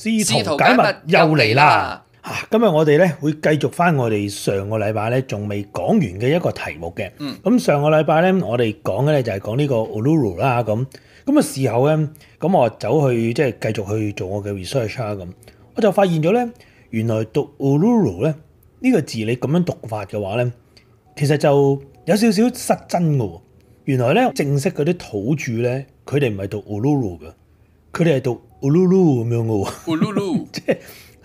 試圖解密又嚟啦！嚇，今日我哋咧會繼續返我哋上個禮拜咧仲未講完嘅一個題目嘅。咁上個禮拜咧，我哋講嘅咧就係講呢個 Uluru 啦。咁咁啊，事後咧，咁我走去即係繼續去做我嘅 research 啊。咁我就發現咗咧，原來讀 Uluru 咧呢個字你咁樣讀法嘅話咧，其實就有少少失真嘅。原來咧正式嗰啲土著咧，佢哋唔係讀 Uluru 嘅，佢哋係讀，烏嚕嚕咁樣嘅喎，烏魯魯即係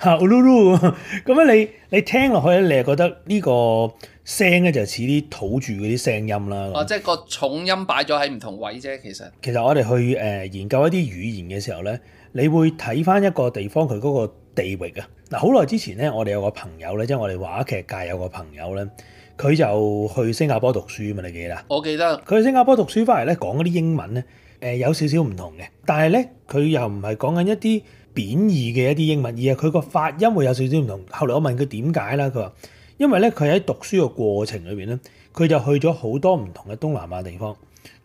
嚇，烏魯魯咁樣。你你聽落去咧，你係覺得呢個聲咧就似啲土著嗰啲聲音啦。哦、uh -huh. 啊，即係個重音擺咗喺唔同位啫。其實其實我哋去誒、呃、研究一啲語言嘅時候咧，你會睇翻一個地方佢嗰個地域啊。嗱，好耐之前咧，我哋有個朋友咧，即係我哋話劇界有個朋友咧，佢就去新加坡讀書嘛。你記得？我記得佢去新加坡讀書翻嚟咧，講嗰啲英文咧。誒有少少唔同嘅，但係咧佢又唔係講緊一啲貶義嘅一啲英文，而係佢個發音會有少少唔同。後來我問佢點解啦，佢話因為咧佢喺讀書嘅過程裏邊咧，佢就去咗好多唔同嘅東南亞地方，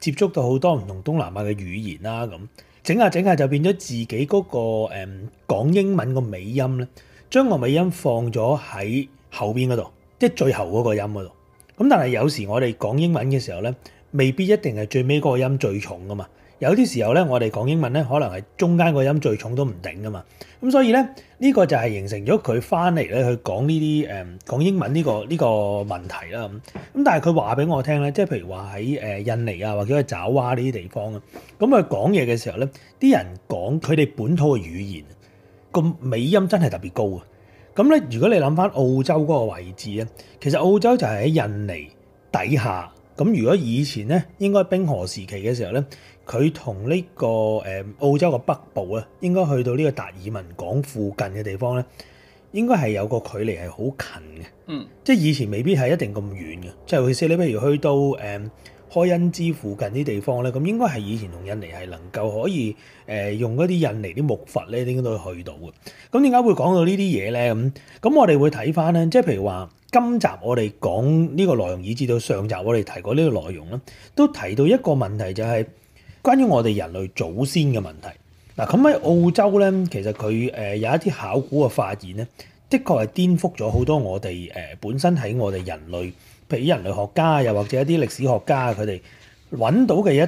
接觸到好多唔同東南亞嘅語言啦咁，整下整下就變咗自己嗰個誒講英文個尾音咧，將個尾音放咗喺後邊嗰度，即係最後嗰個音嗰度。咁但係有時我哋講英文嘅時候咧，未必一定係最尾嗰個音最重噶嘛。有啲時候咧，我哋講英文咧，可能係中間個音最重都唔頂噶嘛。咁所以咧，呢個就係形成咗佢翻嚟咧去講呢啲誒講英文呢、呢個呢、呢個問題啦。咁咁但係佢話俾我聽咧，即係譬如話喺印尼啊或者係爪哇呢啲地方啊，咁佢講嘢嘅時候咧，啲人講佢哋本土嘅語言個尾音真係特別高嘅。咁咧，如果你諗翻澳洲嗰個位置咧，其實澳洲就係喺印尼底下。咁如果以前咧，應該冰河時期嘅時候咧。佢同呢個誒、嗯、澳洲嘅北部咧，應該去到呢個達爾文港附近嘅地方咧，應該係有個距離係好近嘅。嗯，即係以前未必係一定咁遠嘅。即係好似你譬如去到誒、嗯、開恩之附近啲地方咧，咁應該係以前同印尼係能夠可以誒、呃、用嗰啲印尼啲木筏咧，應該都去到嘅。咁點解會講到這些東西呢啲嘢咧？咁咁我哋會睇翻咧，即係譬如話今集我哋講呢個內容，以至到上集我哋提過呢個內容咧，都提到一個問題就係、是。關於我哋人類祖先嘅問題，嗱咁喺澳洲咧，其實佢誒有一啲考古嘅發現咧，的確係顛覆咗好多我哋誒本身喺我哋人類，譬如人類學家又或者一啲歷史學家佢哋揾到嘅一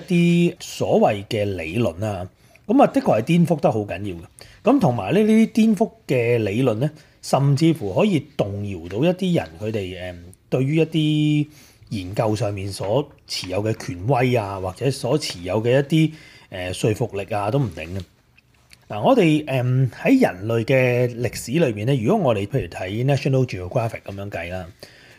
啲所謂嘅理論啊，咁啊的確係顛覆得好緊要嘅。咁同埋呢呢啲顛覆嘅理論咧，甚至乎可以動搖到一啲人佢哋誒對於一啲。研究上面所持有嘅權威啊，或者所持有嘅一啲誒、呃、說服力啊，都唔定啊。嗱，我哋誒喺人類嘅歷史裏面咧，如果我哋譬如睇 National Geographic 咁樣計啦，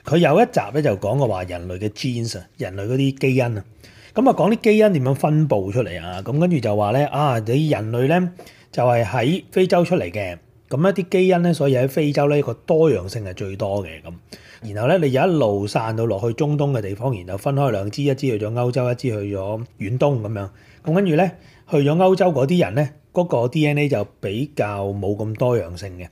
佢有一集咧就講嘅話人類嘅 genes 啊，人類嗰啲基因啊，咁啊講啲基因點樣分佈出嚟啊，咁跟住就話咧啊，你人類咧就係、是、喺非洲出嚟嘅，咁一啲基因咧，所以喺非洲咧個多樣性係最多嘅咁。然後咧，你一路散到落去中東嘅地方，然後分開兩支，一支去咗歐洲，一支去咗遠東咁樣。咁跟住咧，去咗歐洲嗰啲人咧，嗰個 D N A 就比較冇咁多樣性嘅。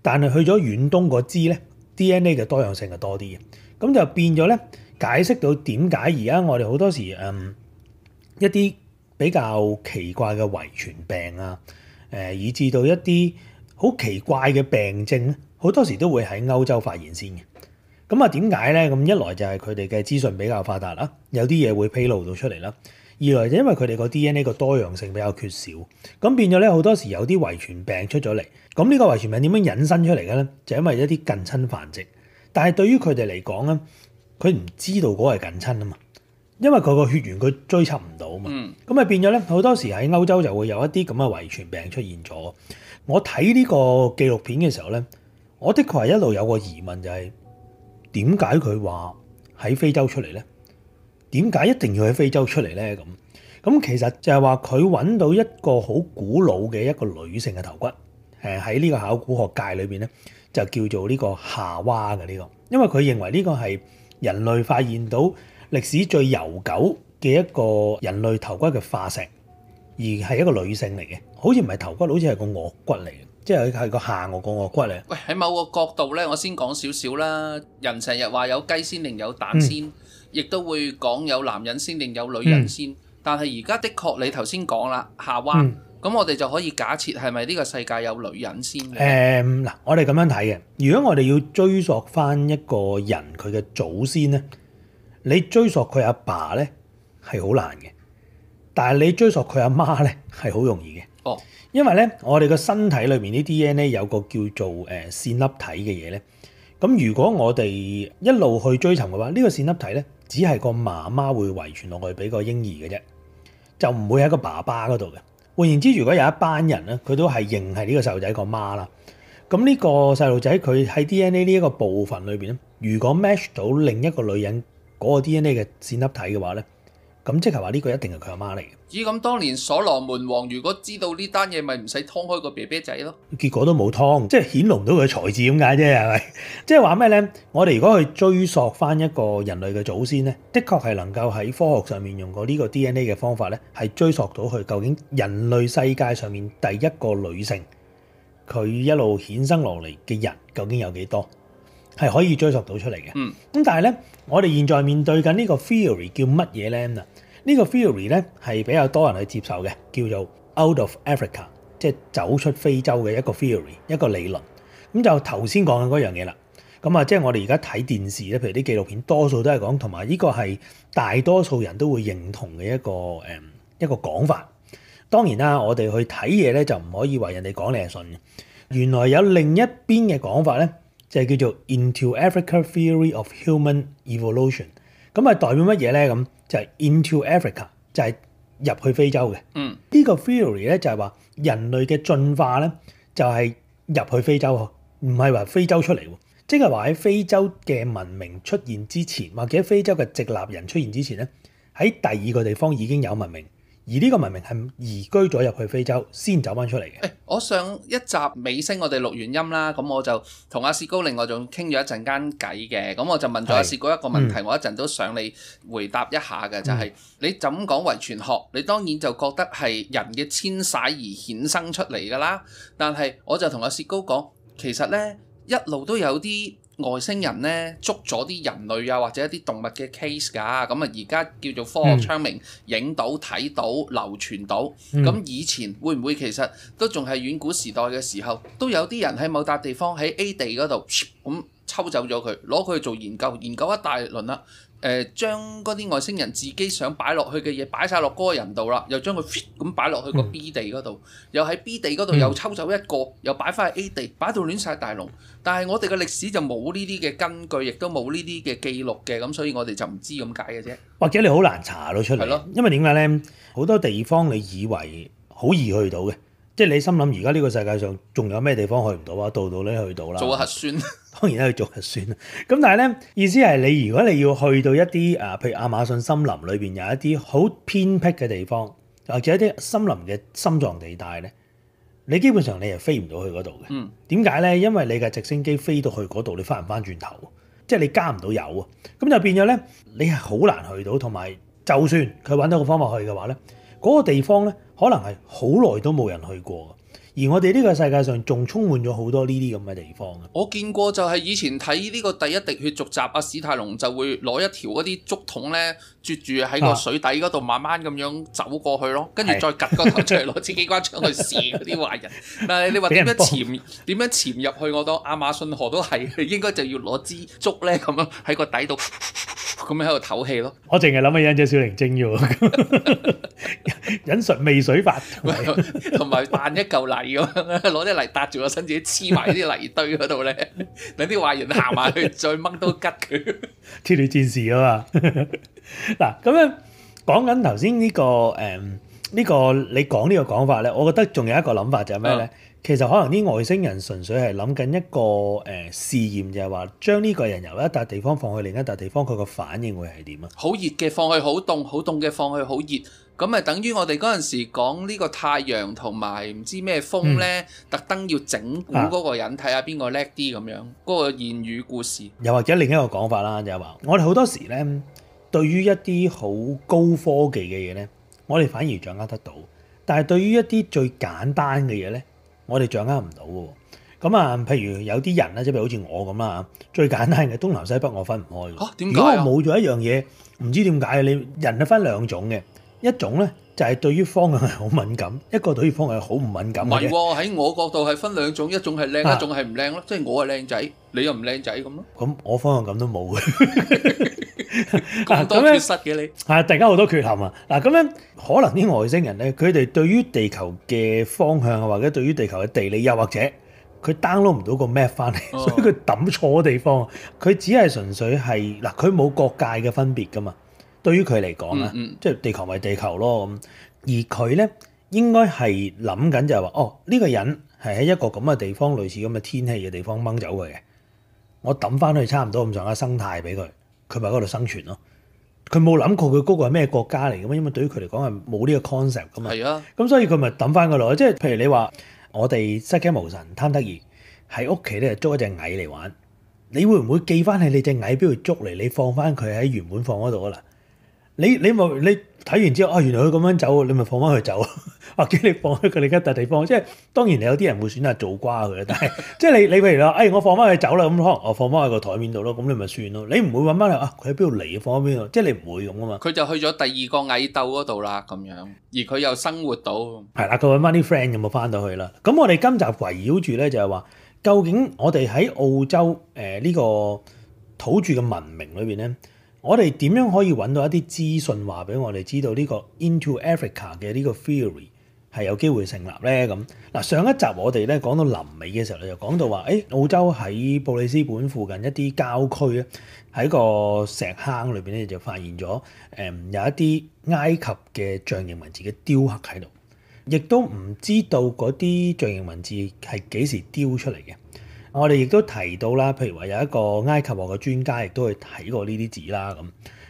但係去咗遠東嗰支咧，D N A 嘅多樣性就多啲嘅。咁就變咗咧，解釋到點解而家我哋好多時誒、嗯、一啲比較奇怪嘅遺傳病啊、呃，以至到一啲好奇怪嘅病症咧，好多時都會喺歐洲發現先嘅。咁啊，點解咧？咁一來就係佢哋嘅資訊比較發達啦，有啲嘢會披露到出嚟啦；二來就因為佢哋個 DNA 個多樣性比較缺少，咁變咗咧，好多時有啲遺傳病出咗嚟。咁呢個遺傳病點樣引申出嚟嘅咧？就因為一啲近親繁殖，但係對於佢哋嚟講咧，佢唔知道嗰係近親啊嘛，因為佢個血緣佢追查唔到啊嘛。咁啊變咗咧，好多時喺歐洲就會有一啲咁嘅遺傳病出現咗。我睇呢個紀錄片嘅時候咧，我的確係一路有個疑問就係、是。點解佢話喺非洲出嚟呢？點解一定要喺非洲出嚟呢？咁咁其實就係話佢揾到一個好古老嘅一個女性嘅頭骨，誒喺呢個考古學界裏邊呢，就叫做呢個夏娃嘅呢個，因為佢認為呢個係人類發現到歷史最悠久嘅一個人類頭骨嘅化石，而係一個女性嚟嘅，好似唔係頭骨，好似係個鵝骨嚟嘅。即係係個下顎個骨嚟。喂，喺某個角度咧，我先講少少啦。人成日話有雞先定有蛋先，亦、嗯、都會講有男人先定有女人先。嗯、但係而家的確，你頭先講啦，夏娃。咁、嗯、我哋就可以假設係咪呢個世界有女人先？誒、嗯，嗱，我哋咁樣睇嘅。如果我哋要追索翻一個人佢嘅祖先咧，你追索佢阿爸咧係好難嘅，但係你追索佢阿媽咧係好容易嘅。因為咧，我哋個身體裏面啲 D N A 有個叫做誒線粒體嘅嘢咧。咁如果我哋一路去追尋嘅話，呢個線粒體咧，只係個媽媽會遺傳落去俾個嬰兒嘅啫，就唔會喺個爸爸嗰度嘅。換言之，如果有一班人咧，佢都係認係呢個細路仔個媽啦。咁呢個細路仔佢喺 D N A 呢一個部分裏面咧，如果 match 到另一個女人嗰個 D N A 嘅線粒體嘅話咧。咁即係話呢個一定係佢阿媽嚟嘅。咦？咁當年所羅門王如果知道呢單嘢，咪唔使劏開個 BB 仔咯？結果都冇劏，即係顯露唔到佢嘅才智。點解啫？係咪？即係話咩咧？我哋如果去追溯翻一個人類嘅祖先咧，的確係能夠喺科學上面用過呢個 DNA 嘅方法咧，係追溯到佢究竟人類世界上面第一個女性，佢一路衍生落嚟嘅人究竟有幾多，係可以追溯到出嚟嘅。嗯。咁但係咧，我哋現在面對緊呢個 theory 叫乜嘢咧？嗱。呢、個 theory 咧係比較多人去接受嘅，叫做 Out of Africa，即係走出非洲嘅一個 theory，一個理論。咁就頭先講嘅嗰樣嘢啦。咁啊，即係我哋而家睇電視咧，譬如啲紀錄片，多數都係講同埋呢個係大多數人都會認同嘅一個誒一個講法。當然啦，我哋去睇嘢咧就唔可以話人哋講你係信嘅。原來有另一邊嘅講法咧，就係叫做 Into Africa Theory of Human Evolution。咁啊，代表乜嘢咧？咁就係 into Africa，就係入去非洲嘅。嗯，呢個 theory 咧就係話人類嘅進化咧就係入去非洲，唔係話非洲出嚟。即係話喺非洲嘅文明出現之前，或者非洲嘅直立人出現之前咧，喺第二個地方已經有文明。而呢個文明係移居咗入去非洲，先走翻出嚟嘅、欸。我上一集尾聲，美星我哋錄完音啦，咁我就同阿薛高另外仲傾咗一陣間偈嘅，咁我就問咗阿薛高一個問題，嗯、我一陣都想你回答一下嘅，就係、是嗯、你怎講遺傳學？你當然就覺得係人嘅遷徙而衍生出嚟㗎啦，但係我就同阿薛高講，其實呢一路都有啲。外星人呢捉咗啲人類啊，或者一啲動物嘅 case 㗎、啊，咁啊而家叫做科學昌明，影、嗯、到睇到流傳到，咁、嗯、以前會唔會其實都仲係遠古時代嘅時候，都有啲人喺某笪地方喺 A 地嗰度咁抽走咗佢，攞佢做研究，研究一大輪啦。誒將嗰啲外星人自己想擺落去嘅嘢擺晒落嗰個人度啦，又將佢 fit 咁擺落去個 B 地嗰度、嗯，又喺 B 地嗰度又抽走一個，嗯、又擺翻去 A 地上，擺到亂晒大籠。但係我哋嘅歷史就冇呢啲嘅根據，亦都冇呢啲嘅記錄嘅，咁所以我哋就唔知咁解嘅啫。或者你好難查到出嚟，因為點解呢？好多地方你以為好易去到嘅，即係你心諗而家呢個世界上仲有咩地方去唔到啊？度度你去到啦。做核酸。 當然咧去做就算啦，咁但係咧意思係你如果你要去到一啲啊，譬如亞馬遜森林裏邊有一啲好偏僻嘅地方，或者一啲森林嘅心臟地帶咧，你基本上你係飛唔到去嗰度嘅。點解咧？因為你嘅直升機飛到去嗰度，你翻唔翻轉頭，即係你加唔到油啊！咁就變咗咧，你係好難去到，同埋就算佢揾到個方法去嘅話咧，嗰個地方咧可能係好耐都冇人去過。而我哋呢個世界上仲充滿咗好多呢啲咁嘅地方。我見過就係以前睇呢個《第一滴血》續集啊，史泰龍就會攞一條嗰啲竹筒咧，啜住喺個水底嗰度慢慢咁樣走過去咯，跟、啊、住再擸個頭出嚟攞支機關槍去射嗰啲壞人。但係 你話點樣潛？ 點樣潛入去？我當亞馬遜河都係應該就要攞支竹咧，咁樣喺個底度咁樣喺度唞氣咯。我淨係諗起忍者小靈精要。引水味水法，同埋扮一嚿泥咁，攞 啲泥搭住個身自己黐埋啲泥堆嗰度咧，等啲壞人行埋去再掹都吉佢。鐵 人戰士啊嘛，嗱，咁樣講緊頭先呢個誒呢、嗯這個你講呢個講法咧，我覺得仲有一個諗法、嗯、就係咩、是、咧？其實可能啲外星人純粹係諗緊一個誒試驗，就係話將呢個人由一笪地方放去另一笪地方，佢個反應會係點啊？好熱嘅放去好凍，好凍嘅放去好熱，咁咪等於我哋嗰陣時講呢個太陽同埋唔知咩風咧、嗯，特登要整蠱嗰個人，睇下邊個叻啲咁樣嗰個言語故事。又或者另一個講法啦，就係、是、話我哋好多時咧，對於一啲好高科技嘅嘢咧，我哋反而掌握得到，但係對於一啲最簡單嘅嘢咧，我哋掌握唔到嘅。咁啊，譬如有啲人咧，即係好似我咁啦，最簡單嘅東南西北我分唔開嘅。啊，如果我冇咗一樣嘢，唔知點解，你人啊分兩種嘅。一種咧就係、是、對於方向係好敏感，一個對於方向係好唔敏感嘅。唔係喎，喺我角度係分兩種，一種係靚、啊，一種係唔靚咯。即、就、係、是、我係靚仔，你又唔靚仔咁咯。咁、啊、我方向感都冇嘅，咁 多缺失嘅你係突然間好多缺陷啊！嗱，咁、啊啊、樣可能啲外星人咧，佢哋對於地球嘅方向啊，或者對於地球嘅地理，又或者佢 download 唔到個 map 翻嚟，所以佢揼錯地方。佢、啊、只係純粹係嗱，佢、啊、冇各界嘅分別噶嘛。對於佢嚟講咧，即係地球咪地球咯咁。而佢咧應該係諗緊就係話：哦，呢、這個人係喺一個咁嘅地方，類似咁嘅天氣嘅地方掹走佢嘅。我抌翻去差不多，差唔多咁上下生態俾佢，佢咪喺度生存咯。佢冇諗過佢嗰個係咩國家嚟嘅嘛？因為對於佢嚟講係冇呢個 concept 㗎嘛。係啊。咁、嗯、所以佢咪抌翻佢落去。即係譬如你話我哋失驚無神、貪得意，喺屋企咧捉一隻蟻嚟玩，你會唔會寄翻去？你隻蟻邊度捉嚟？你放翻佢喺原本放嗰度啦。你你咪你睇完之後啊，原來佢咁樣走，你咪放翻佢走啊！或者你放喺佢另一笪地方，即係當然你有啲人會選擇做瓜佢，但係即係你你譬如啦，哎我放翻佢走啦，咁可能我放翻喺個台面度咯，咁你咪算咯。你唔會揾翻嚟啊？佢喺邊度嚟啊？放喺邊度？即係你唔會咁啊嘛。佢就去咗第二個蟻竇嗰度啦，咁樣而佢又生活到係啦。佢搵翻啲 Friend 有冇翻到去啦？咁我哋今集圍繞住咧就係話，究竟我哋喺澳洲誒呢個土著嘅文明裏邊咧，我哋點樣可以揾到一啲資訊話俾我哋知道呢個 Into Africa 嘅呢個 theory 係有機會成立呢？咁嗱，上一集我哋咧講到臨尾嘅時候咧，就講到話，誒澳洲喺布里斯本附近一啲郊區咧，喺個石坑裏面，咧就發現咗，誒有一啲埃及嘅象形文字嘅雕刻喺度，亦都唔知道嗰啲象形文字係幾時雕出嚟嘅。我哋亦都提到啦，譬如話有一個埃及王嘅專家，亦都去睇過呢啲字啦。咁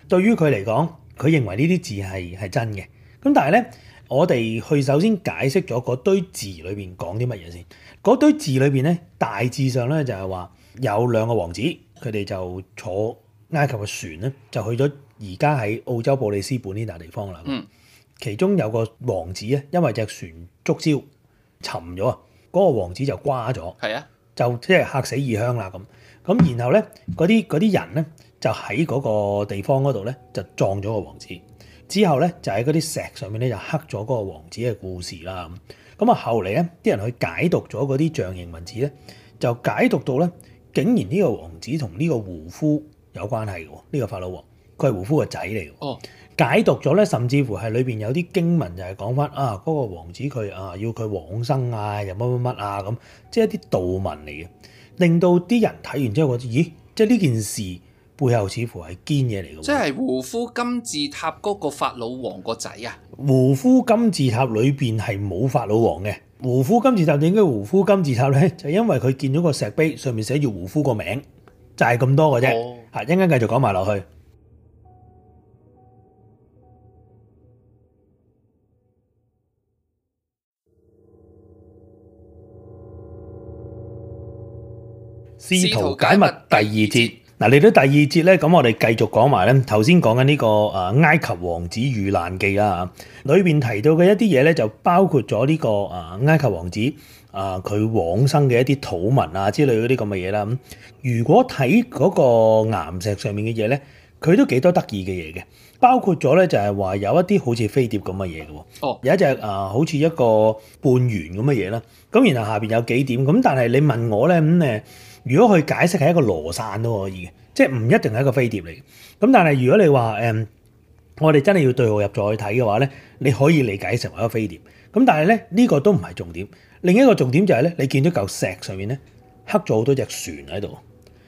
對於佢嚟講，佢認為呢啲字係係真嘅。咁但係咧，我哋去首先解釋咗嗰堆字裏邊講啲乜嘢先。嗰堆字裏邊咧，大致上咧就係話有兩個王子，佢哋就坐埃及嘅船咧，就去咗而家喺澳洲布里斯本呢笪地方啦。嗯，其中有個王子咧，因為隻船觸礁沉咗啊，嗰個王子就瓜咗。係啊。就即係吓死異鄉啦，咁，咁然後咧，嗰啲啲人咧就喺嗰個地方嗰度咧就葬咗個王子，之後咧就喺嗰啲石上面咧就刻咗嗰個王子嘅故事啦。咁咁啊後嚟咧啲人去解讀咗嗰啲象形文字咧，就解讀到咧，竟然呢個王子同呢個胡夫有關係嘅，呢、呢個法老王佢係胡夫個仔嚟嘅。哦解讀咗咧，甚至乎係裏邊有啲經文就，就係講翻啊，嗰、嗰個王子佢啊要佢往生啊，又乜乜乜啊咁，即係一啲道文嚟嘅，令到啲人睇完之後覺得，咦，即係呢件事背後似乎係堅嘢嚟嘅。即係胡夫金字塔嗰個法老王個仔啊？胡夫金字塔裏邊係冇法老王嘅。胡夫金字塔點解胡夫金字塔咧？就係、因為佢見咗個石碑上面寫住胡夫個名字，就係、係、咁多嘅啫。啊，陣間繼續講埋落去。試圖解密第二節。嗱，嚟到第二節咧，咁我哋繼續講埋咧。頭先講緊呢、這個誒、啊、埃及王子遇難記啦，吓裏邊提到嘅一啲嘢咧，就包括咗呢、這個誒、啊、埃及王子啊佢往生嘅一啲土文啊之類嗰啲咁嘅嘢啦。咁如果睇嗰個岩石上面嘅嘢咧，佢都幾多得意嘅嘢嘅，包括咗咧就係話有一啲好似飛碟咁嘅嘢嘅，哦，有一隻誒、啊、好似一個半圓咁嘅嘢啦。咁然後下邊有幾點，咁但係你問我咧咁誒。嗯如果佢解釋係一個羅傘都可以嘅，即係唔一定係一個飛碟嚟嘅。咁但係如果你話誒、嗯，我哋真係要對號入座去睇嘅話咧，你可以理解成為一個飛碟。咁但係咧呢、呢個都唔係重點。另一個重點就係、是、咧，你見到嚿石上面咧刻咗好多隻船喺度，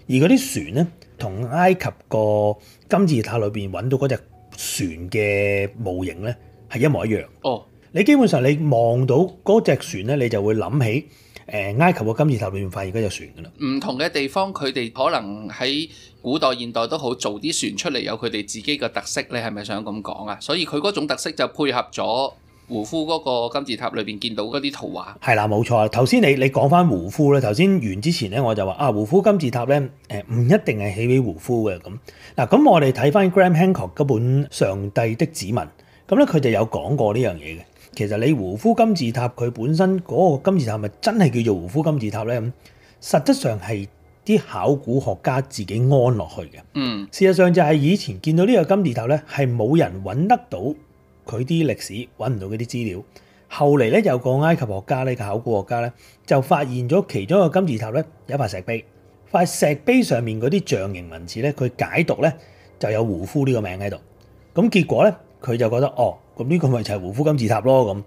而嗰啲船咧同埃及個金字塔裏邊揾到嗰隻船嘅模型咧係一模一樣。哦，你基本上你望到嗰隻船咧，你就會諗起。埃及個金字塔裏面發現有船噶啦。唔同嘅地方，佢哋可能喺古代現代都好，做啲船出嚟，有佢哋自己嘅特色。你係咪想咁講啊？所以佢嗰種特色就配合咗胡夫嗰個金字塔裏面見到嗰啲圖畫。係啦，冇錯。頭先你你講翻胡夫咧，頭先完之前咧，我就話啊，胡夫金字塔咧，呃，唔一定係起俾胡夫嘅咁。嗱，咁我哋睇翻 Graham Hancock 嗰本《上帝的指紋》，咁咧佢就有講過呢樣嘢嘅。其實你胡夫金字塔佢本身嗰個金字塔咪真係叫做胡夫金字塔咧？咁實質上係啲考古學家自己安落去嘅。嗯，事實上就係以前見到呢個金字塔咧，係冇人揾得到佢啲歷史，揾唔到嗰啲資料。後嚟咧，有個埃及學家呢，個考古學家咧，就發現咗其中一個金字塔咧，有一塊石碑，塊石碑上面嗰啲象形文字咧，佢解讀咧就有胡夫呢個名喺度。咁結果咧，佢就覺得哦。咁呢個咪就係胡夫金字塔咯，咁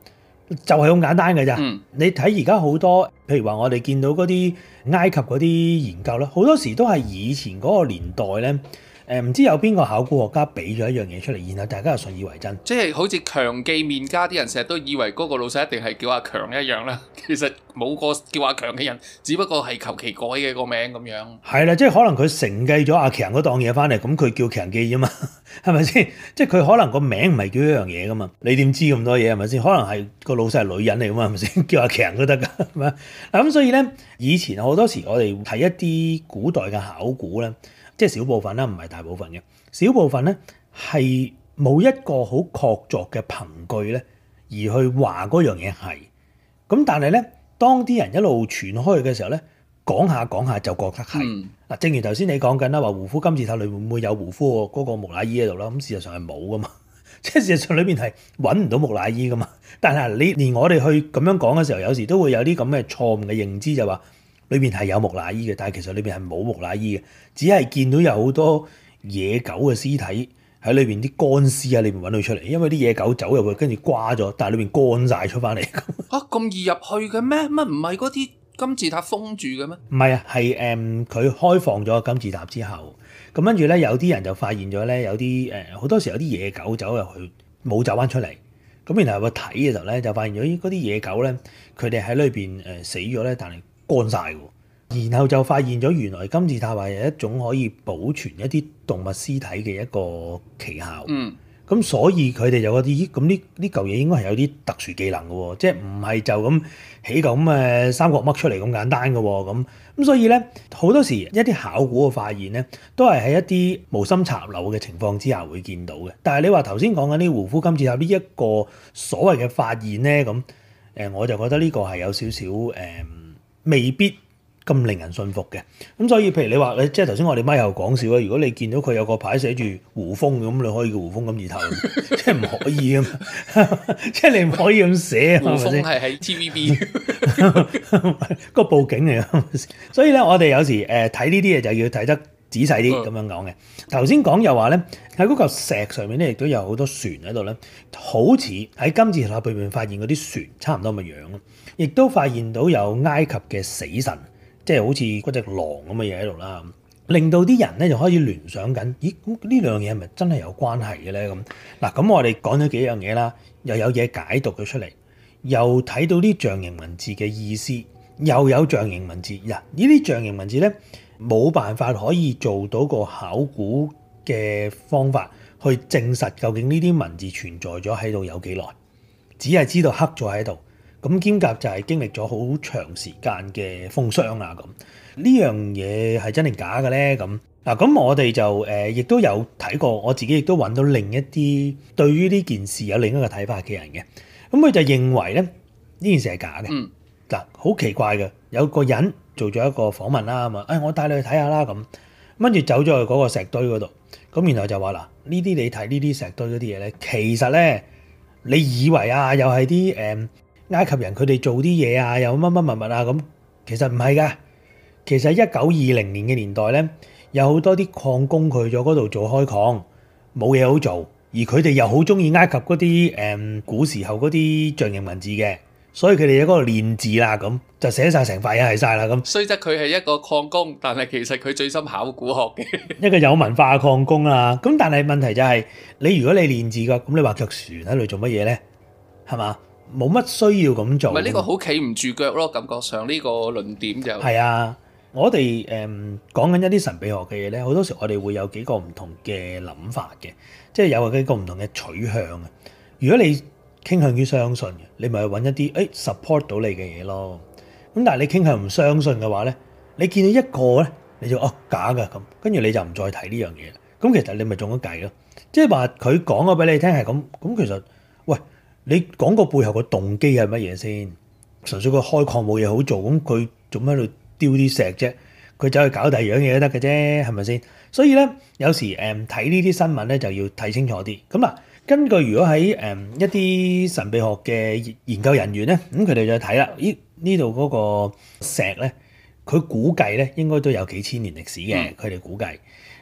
就係咁簡單嘅咋、嗯？你睇而家好多，譬如話我哋見到嗰啲埃及嗰啲研究咯，好多時都係以前嗰個年代咧。誒唔知有邊個考古學家俾咗一樣嘢出嚟，然後大家又信以為真，即係好似強記麵家啲人成日都以為嗰個老細一定係叫阿強一樣啦。其實冇個叫阿強嘅人，只不過係求其改嘅個名咁樣。係啦，即係可能佢承繼咗阿強嗰檔嘢翻嚟，咁佢叫強記啫嘛，係咪先？即係佢可能個名唔係叫一樣嘢噶嘛。你點知咁多嘢係咪先？可能係個老細係女人嚟㗎嘛，係咪先？叫阿強都得㗎，係咪啊？嗱，咁所以咧，以前好多時我哋睇一啲古代嘅考古咧。即係小部分啦，唔係大部分嘅。小部分咧係冇一個好確鑿嘅憑據咧，而去話嗰樣嘢係。咁但係咧，當啲人一路傳開去嘅時候咧，講下講下就覺得係。嗱、嗯，正如頭先你講緊啦，話胡夫金字塔裏會唔會有胡夫嗰個木乃伊喺度啦。咁事實上係冇噶嘛，即係事實上裏面係揾唔到木乃伊噶嘛。但係你連我哋去咁樣講嘅時候，有時都會有啲咁嘅錯誤嘅認知，就話。裏邊係有木乃伊嘅，但係其實裏邊係冇木乃伊嘅，只係見到有好多野狗嘅屍體喺裏邊，啲乾屍喺裏邊揾到出嚟，因為啲野狗走入去，跟住掛咗，但係裏邊乾晒出翻嚟。嚇、啊、咁易入去嘅咩？乜唔係嗰啲金字塔封住嘅咩？唔係啊，係誒，佢、嗯、開放咗金字塔之後，咁跟住咧有啲人就發現咗咧，有啲誒好多時候有啲野狗走入去冇走翻出嚟，咁然後去睇嘅時候咧就發現咗嗰啲野狗咧，佢哋喺裏邊誒死咗咧，但係，乾晒喎，然後就發現咗原來金字塔係一種可以保存一啲動物屍體嘅一個奇效。嗯，咁所以佢哋就覺得咦？咁呢呢嚿嘢應該係有啲特殊技能嘅喎，即係唔係就咁起嚿咁誒三角剝出嚟咁簡單嘅喎。咁咁所以咧好多時一啲考古嘅發現咧，都係喺一啲無心插柳嘅情況之下會見到嘅。但係你話頭先講緊啲胡夫金字塔呢一個所謂嘅發現咧，咁誒我就覺得呢個係有少少誒。呃未必咁令人信服嘅，咁所以譬如你話，你即係頭先我哋咪又講笑啦。如果你見到佢有個牌寫住胡風咁，你可以叫胡風金字頭，即係唔可以嘛？ 即係你唔可以咁寫。胡風係喺 TVB 個報警嚟嘅， 所以咧我哋有時睇呢啲嘢就要睇得仔細啲咁、嗯、樣講嘅。剛才說說頭先講又話咧喺嗰嚿石上面咧亦都有好多船喺度咧，好似喺金字塔背面發現嗰啲船差唔多咁嘅樣亦都發現到有埃及嘅死神，即係好似嗰隻狼咁嘅嘢喺度啦，令到啲人咧就開始聯想緊，咦？呢兩嘢係咪真係有關係嘅咧？咁嗱，咁我哋講咗幾樣嘢啦，又有嘢解讀咗出嚟，又睇到啲象形文字嘅意思，又有象形文字。嗱，呢啲象形文字咧，冇辦法可以做到個考古嘅方法去證實究竟呢啲文字存在咗喺度有幾耐，只係知道刻咗喺度。咁兼夾就係經歷咗好長時間嘅風霜啊！咁呢樣嘢係真定假嘅咧？咁嗱，咁我哋就亦、呃、都有睇過，我自己亦都揾到另一啲對於呢件事有另一個睇法嘅人嘅。咁佢就認為咧，呢件事係假嘅。嗱、嗯，好奇怪嘅，有個人做咗一個訪問啦嘛，誒、哎，我帶你去睇下啦咁，跟住走咗去嗰個石堆嗰度，咁然後就話嗱，呢啲你睇呢啲石堆嗰啲嘢咧，其實咧，你以為啊，又係啲埃及人佢哋做啲嘢啊，又乜乜物物啊咁，其實唔係㗎。其實一九二零年嘅年代咧，有好多啲礦工去咗嗰度做開礦，冇嘢好做，而佢哋又好中意埃及嗰啲誒古時候嗰啲象形文字嘅，所以佢哋喺嗰度練字啦，咁就寫晒成塊嘢係晒啦咁。雖則佢係一個礦工，但係其實佢最深考古學嘅 一個有文化嘅礦工啦、啊。咁但係問題就係、是、你如果你練字㗎，咁你話隻船喺度做乜嘢咧？係嘛？冇乜需要咁做，呢個好企唔住腳咯，感覺上呢個論點就係啊，我哋誒講緊一啲神秘學嘅嘢呢，好多時候我哋會有幾個唔同嘅諗法嘅，即係有幾個唔同嘅取向啊，如果你傾向於相信嘅，你咪揾一啲誒 support 到你嘅嘢咯。咁但係你傾向唔相信嘅話呢，你見到一個呢，你就哦假㗎咁，跟住你就唔再睇呢樣嘢咁，其實你咪中咗計咯，即係話佢講咗俾你聽係咁，咁其實你講個背後個動機係乜嘢先？純粹佢開礦冇嘢好做，咁佢做咩喺度丟啲石啫？佢走去搞第二樣嘢都得嘅啫，係咪先？所以咧，有時誒睇呢啲新聞咧，就要睇清楚啲。咁啊，根據如果喺、誒、一啲神秘學嘅研究人員咧，咁佢哋就睇啦。咦，呢度嗰個石咧，佢估計咧應該都有幾千年歷史嘅。佢哋估計，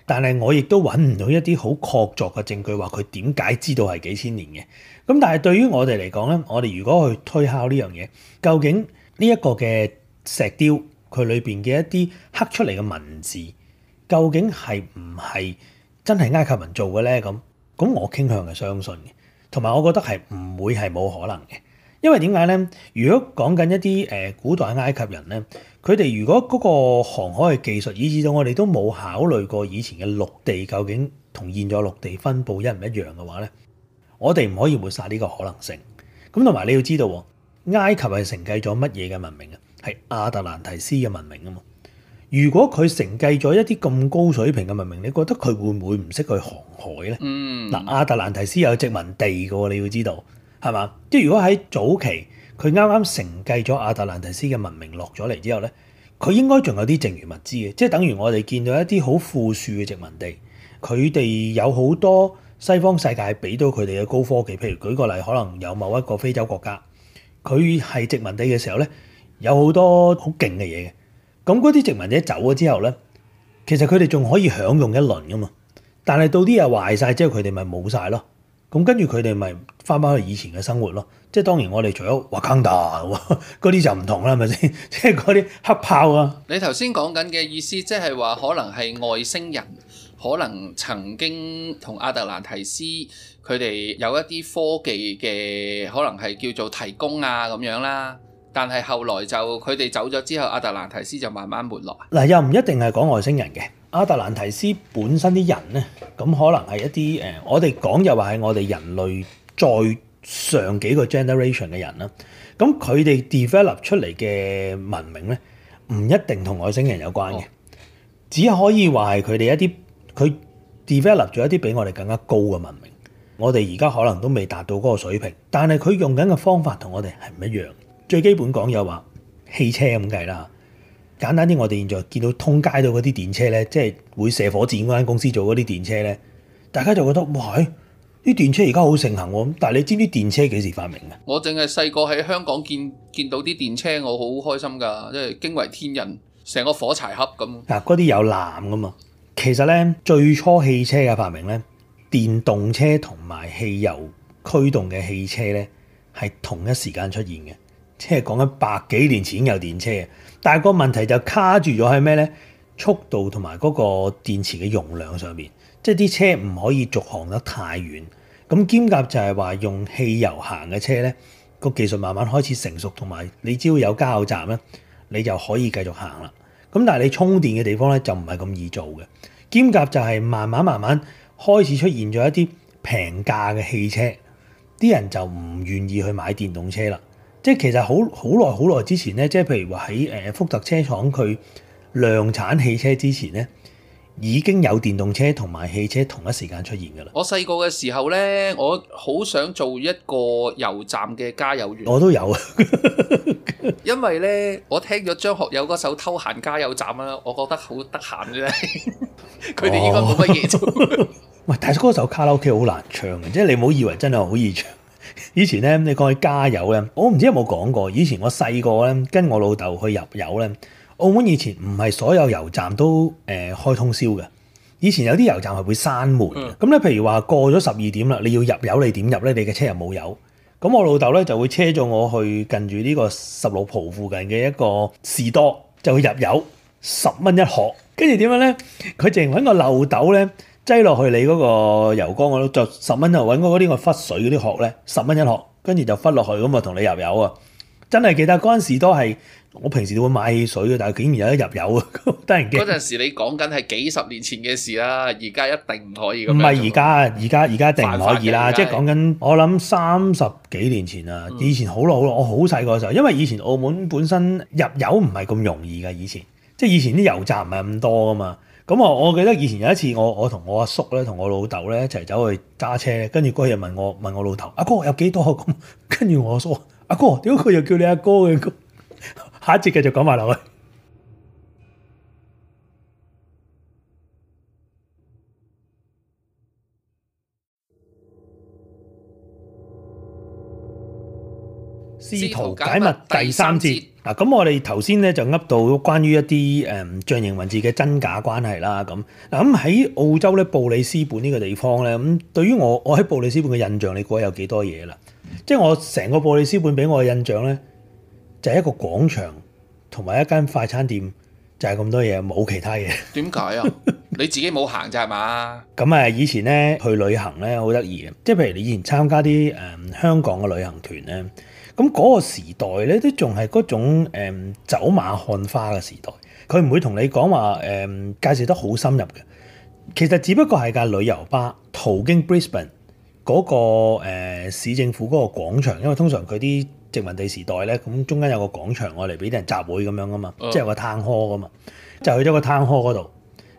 但係我亦都揾唔到一啲好確鑿嘅證據話佢點解知道係幾千年嘅。咁但係對於我哋嚟講咧，我哋如果去推敲呢樣嘢，究竟呢一個嘅石雕佢裏面嘅一啲刻出嚟嘅文字，究竟係唔係真係埃及人做嘅呢？咁咁我傾向係相信嘅，同埋我覺得係唔會係冇可能嘅。因為點解呢？如果講緊一啲誒古代埃及人呢，佢哋如果嗰個航海嘅技術，以至到我哋都冇考慮過以前嘅陸地究竟同現在陸地分布一唔一樣嘅話呢。我哋唔可以抹殺呢個可能性。咁同埋你要知道，埃及係承繼咗乜嘢嘅文明？係亞特蘭提斯嘅文明啊嘛。如果佢承繼咗一啲咁高水平嘅文明，你覺得佢會唔會唔識去航海呢？嗱、嗯啊，亞特蘭提斯有殖民地嘅喎，你要知道，係嘛？即係如果喺早期佢啱啱承繼咗亞特蘭提斯嘅文明落咗嚟之後呢，佢應該仲有啲剩餘物資嘅，即係等於我哋見到一啲好富庶嘅殖民地，佢哋有好多。西方世界俾到佢哋嘅高科技，譬如舉個例，可能有某一個非洲國家，佢係殖民地嘅時候呢，有好多好勁嘅嘢嘅。咁嗰啲殖民者走咗之後呢，其實佢哋仲可以享用一輪噶嘛。但係到啲嘢壞晒之後，佢哋咪冇晒咯。咁跟住佢哋咪翻返去以前嘅生活咯。即係當然我 Wakanda，我哋除咗華坑達嗰啲就唔同啦，係咪先？即係嗰啲黑豹啊！你頭先講緊嘅意思，即係話可能係外星人。可能曾經同阿特蘭提斯佢哋有一啲科技嘅可能係叫做提供啊咁樣啦，但係後來就佢哋走咗之後，阿特蘭提斯就慢慢沒落。嗱，又唔一定係講外星人嘅阿特蘭提斯本身啲人呢，咁可能係一啲誒，我哋講又話係我哋人類再上幾個 generation 嘅人啦。咁佢哋 develop 出嚟嘅文明呢，唔一定同外星人有關嘅，哦，只可以話係佢哋一啲。佢 develop 咗一啲比我哋更加高嘅文明，我哋而家可能都未達到嗰個水平，但係佢用緊嘅方法同我哋係唔一樣。最基本講又話汽車咁計啦，簡單啲，我哋現在見到通街度嗰啲電車咧，即係會射火箭嗰間公司做嗰啲電車咧，大家就覺得哇，啲電車而家好盛行喎。但係你知唔知電車幾時發明嘅？我淨係細個喺香港見見到啲電車，我好開心㗎，即係驚為天人，成個火柴盒咁。嗱，嗰啲有藍㗎嘛？其實咧，最初汽車嘅發明咧，電動車同埋汽油驅動嘅汽車咧，係同一時間出現嘅，即係講緊百幾年前有電車嘅。但係個問題就卡住咗喺咩咧？速度同埋嗰個電池嘅容量上面，即係啲車唔可以續航得太遠。咁兼夾就係話用汽油行嘅車咧，個技術慢慢開始成熟，同埋你只要有加油站咧，你就可以繼續行啦。咁但係你充電嘅地方咧就唔係咁易做嘅，兼夾就係慢慢慢慢開始出現咗一啲平價嘅汽車，啲人就唔願意去買電動車啦。即係其實好好耐好耐之前咧，即係譬如話喺誒福特車廠佢量產汽車之前咧，已經有電動車同埋汽車同一時間出現㗎啦！我細個嘅時候呢，我好想做一個油站嘅加油員。我都有，因為呢，我聽咗張學友嗰首《偷閒加油站》啦，我覺得好得閒啫。佢哋應該冇乜嘢做。喂，但係嗰首卡拉 OK 好難唱嘅，即係你唔好以為真係好易唱。以前呢，你講起加油呢，我唔知有冇講過。以前我細個呢，跟我老豆去入油呢。澳門以前唔係所有油站都誒、呃、開通宵嘅，以前有啲油站係會閂門。咁、嗯、咧，譬如話過咗十二點啦，你要入油你點入咧？你嘅車又冇油。咁我老豆咧就會車咗我去近住呢個十六浦附近嘅一個士多，就去入油十蚊一殼。跟住點樣咧？佢淨係揾個漏斗咧擠落去你嗰個油缸嗰度，就十蚊就揾嗰啲個忽水嗰啲殼咧，十蚊一殼，跟住就忽落去咁啊，同你入油啊！真係記得嗰陣士多係。我平時都會買汽水嘅，但係竟然有得入油啊！咁得人驚。嗰陣時，你講緊係幾十年前嘅事啦，而家一定唔可以。唔係而家，而家而家一定唔可以啦。即係講緊我諗三十幾年前啊，以前好耐好耐，我好細個嘅時候，因為以前澳門本身入油唔係咁容易嘅，以前即係以前啲油站唔係咁多噶嘛。咁啊，我記得以前有一次我，我我同我阿叔咧，同我老豆咧一齊走去揸車，跟住嗰日問我問我老頭：阿哥有幾多？咁跟住我阿叔話：阿哥，點解佢又叫你阿哥嘅。下一節繼續講埋落去。試圖解密第三節嗱，咁我哋頭先咧就噏到關於一啲誒象形文字嘅真假關係啦。咁嗱，咁喺澳洲咧布里斯本，呢個地方咧，咁對於我我喺布里斯本嘅印象，你估下有幾多嘢啦？即係我成個布里斯本俾我嘅印象咧。就係一個廣場同埋一間快餐店，就係咁多嘢，冇其他嘢。點解啊？你自己冇行咋係嘛？咁啊，以前咧去旅行咧好得意嘅，即係譬如你以前參加啲誒香港嘅旅行團咧，咁嗰個時代咧都仲係嗰種走馬看花嘅時代，佢唔會同你講話誒介紹得好深入嘅。其實只不過係架旅遊巴途經 Brisbane 嗰個市政府嗰個廣場，因為通常佢啲殖民地時代咧，咁中間有個廣場用嚟俾啲人集會咁樣噶嘛，即係有個 town hall 噶嘛，就去咗個 town hall 嗰度，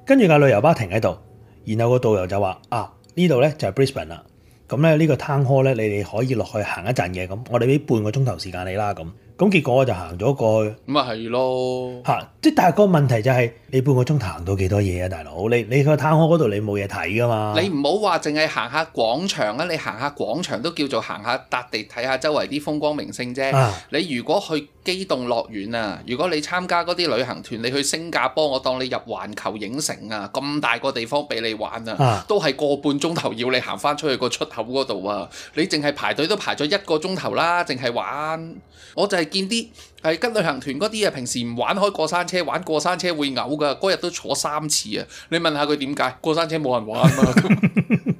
跟住架旅遊巴停喺度，然後個導遊就話：啊呢度咧就係 Brisbane 啦，咁咧呢個 town hall 咧你哋可以落去行一陣嘅，咁我哋俾半個鐘頭時，時間你啦咁。咁結果我就個、就是、行咗過去，咁咪係咯，嚇！即係但係個問題就係你半個鐘行到幾多嘢啊，大佬？你你去探海嗰度你冇嘢睇噶嘛？你唔好話淨係行下廣場啊！你行下廣場都叫做行下，笪地睇下周圍啲風光名勝啫、啊。你如果去機動樂園啊，如果你參加嗰啲旅行團，你去新加坡，我當你入環球影城啊，咁大個地方俾你玩啊，都係個半鐘頭要你行翻出去個出口嗰度啊！你淨係排隊都排咗一個鐘頭啦，淨係玩，我就係、是。見啲係跟旅行團嗰啲啊，平時唔玩開過山車，玩過山車會嘔噶。嗰日都坐三次啊！你問下佢點解？過山車冇人玩啊！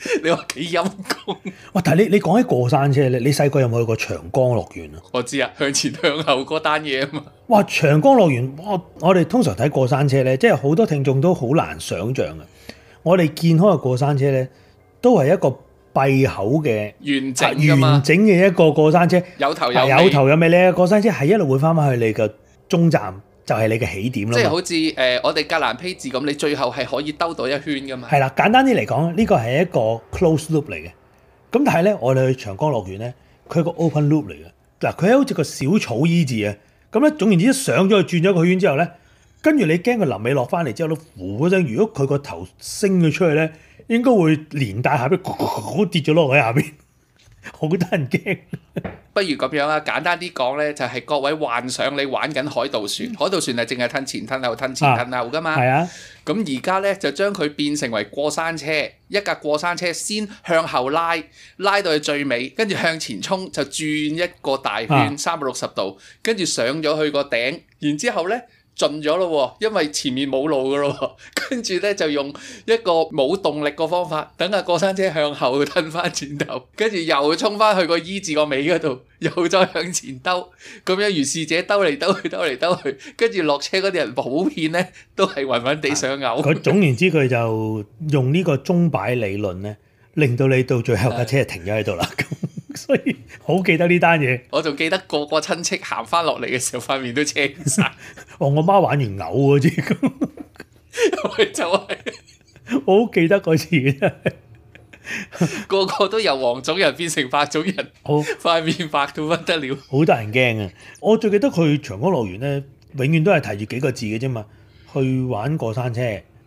你話幾陰功？哇！但係你你講起過山車咧，你細個有冇去過長江樂園啊？我知啊，向前向後嗰單嘢啊嘛。哇！長江樂園，我我哋通常睇過山車咧，即係好多聽眾都好難想象啊！我哋見開個過山車咧，都係一個。閉口嘅完整嘅、啊、一個過山車，有頭有尾。有頭有尾咧？過山車係一路會翻翻去你嘅終站，就係、是、你嘅起點咯。即、就、係、是、好似誒、呃，我哋格蘭披治咁，你最後係可以兜到一圈噶嘛？係啦，簡單啲嚟講，呢個係一個 close loop 嚟嘅。咁但係咧，我哋去長江樂園咧，佢係個 open loop 嚟嘅。嗱，佢係好似個小草 E 字啊。咁咧，總言之一上，上咗去轉咗一個圈之後咧，跟住你驚佢臨尾落翻嚟之後都呼嗰聲。如果佢個頭升咗出去咧，應該會連帶下邊嗰跌咗落去下邊，好得人驚。不如咁樣啊，簡單啲講呢，就係、是、各位幻想你玩緊海盜船，海盜船啊，淨係吞前吞後，吞前吞後㗎嘛。咁而家呢，啊、就將佢變成為過山車，一架過山車先向後拉，拉到去最尾，跟住向前衝，就轉一個大圈三百六十度，跟住上咗去個頂，然之後呢。盡咗咯喎，因為前面冇路㗎咯喎，跟住咧就用一個冇動力個方法，等下過山車向後褪翻轉頭，跟住又衝翻去個 E 字個尾嗰度，又再向前兜，咁樣如是者兜嚟兜去，兜嚟兜去，跟住落車嗰啲人普遍咧都係暈暈地想嘔。佢、啊、總言之，佢就用呢個鐘擺理論咧，令到你到最後架車係停咗喺度啦。 好記得呢單嘢，我仲記得個個親戚行翻落嚟嘅時候，塊面都青晒 、哦。我我媽玩完嘔啊，真係咁，就 係 我好記得嗰次，個個都由黃種人變成白種人，塊面 白到不得了，好 得人驚啊！我最記得去長江樂園咧，永遠都係提住幾個字嘅啫嘛，去玩過山車，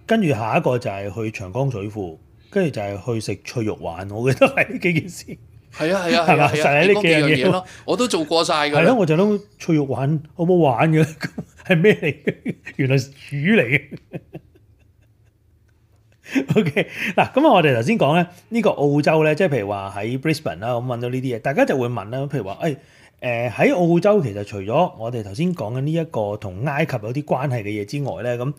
跟住下一個就係去長江水庫，跟住就係去食脆肉鯇，我記得係呢幾件事。係啊係啊係啊。實係呢幾樣嘢咯，我都做過晒㗎。係咯，我就諗脆肉鯇好唔好玩嘅？係咩嚟嘅？原來魚嚟嘅。OK，嗱，咁啊，我哋頭先講咧，呢個澳洲咧，即係譬如話喺 Brisbane 啦，咁問到呢啲嘢，大家就會問啦。譬如話，誒誒喺澳洲，其實除咗我哋頭先講緊呢一個同埃及有啲關係嘅嘢之外咧，咁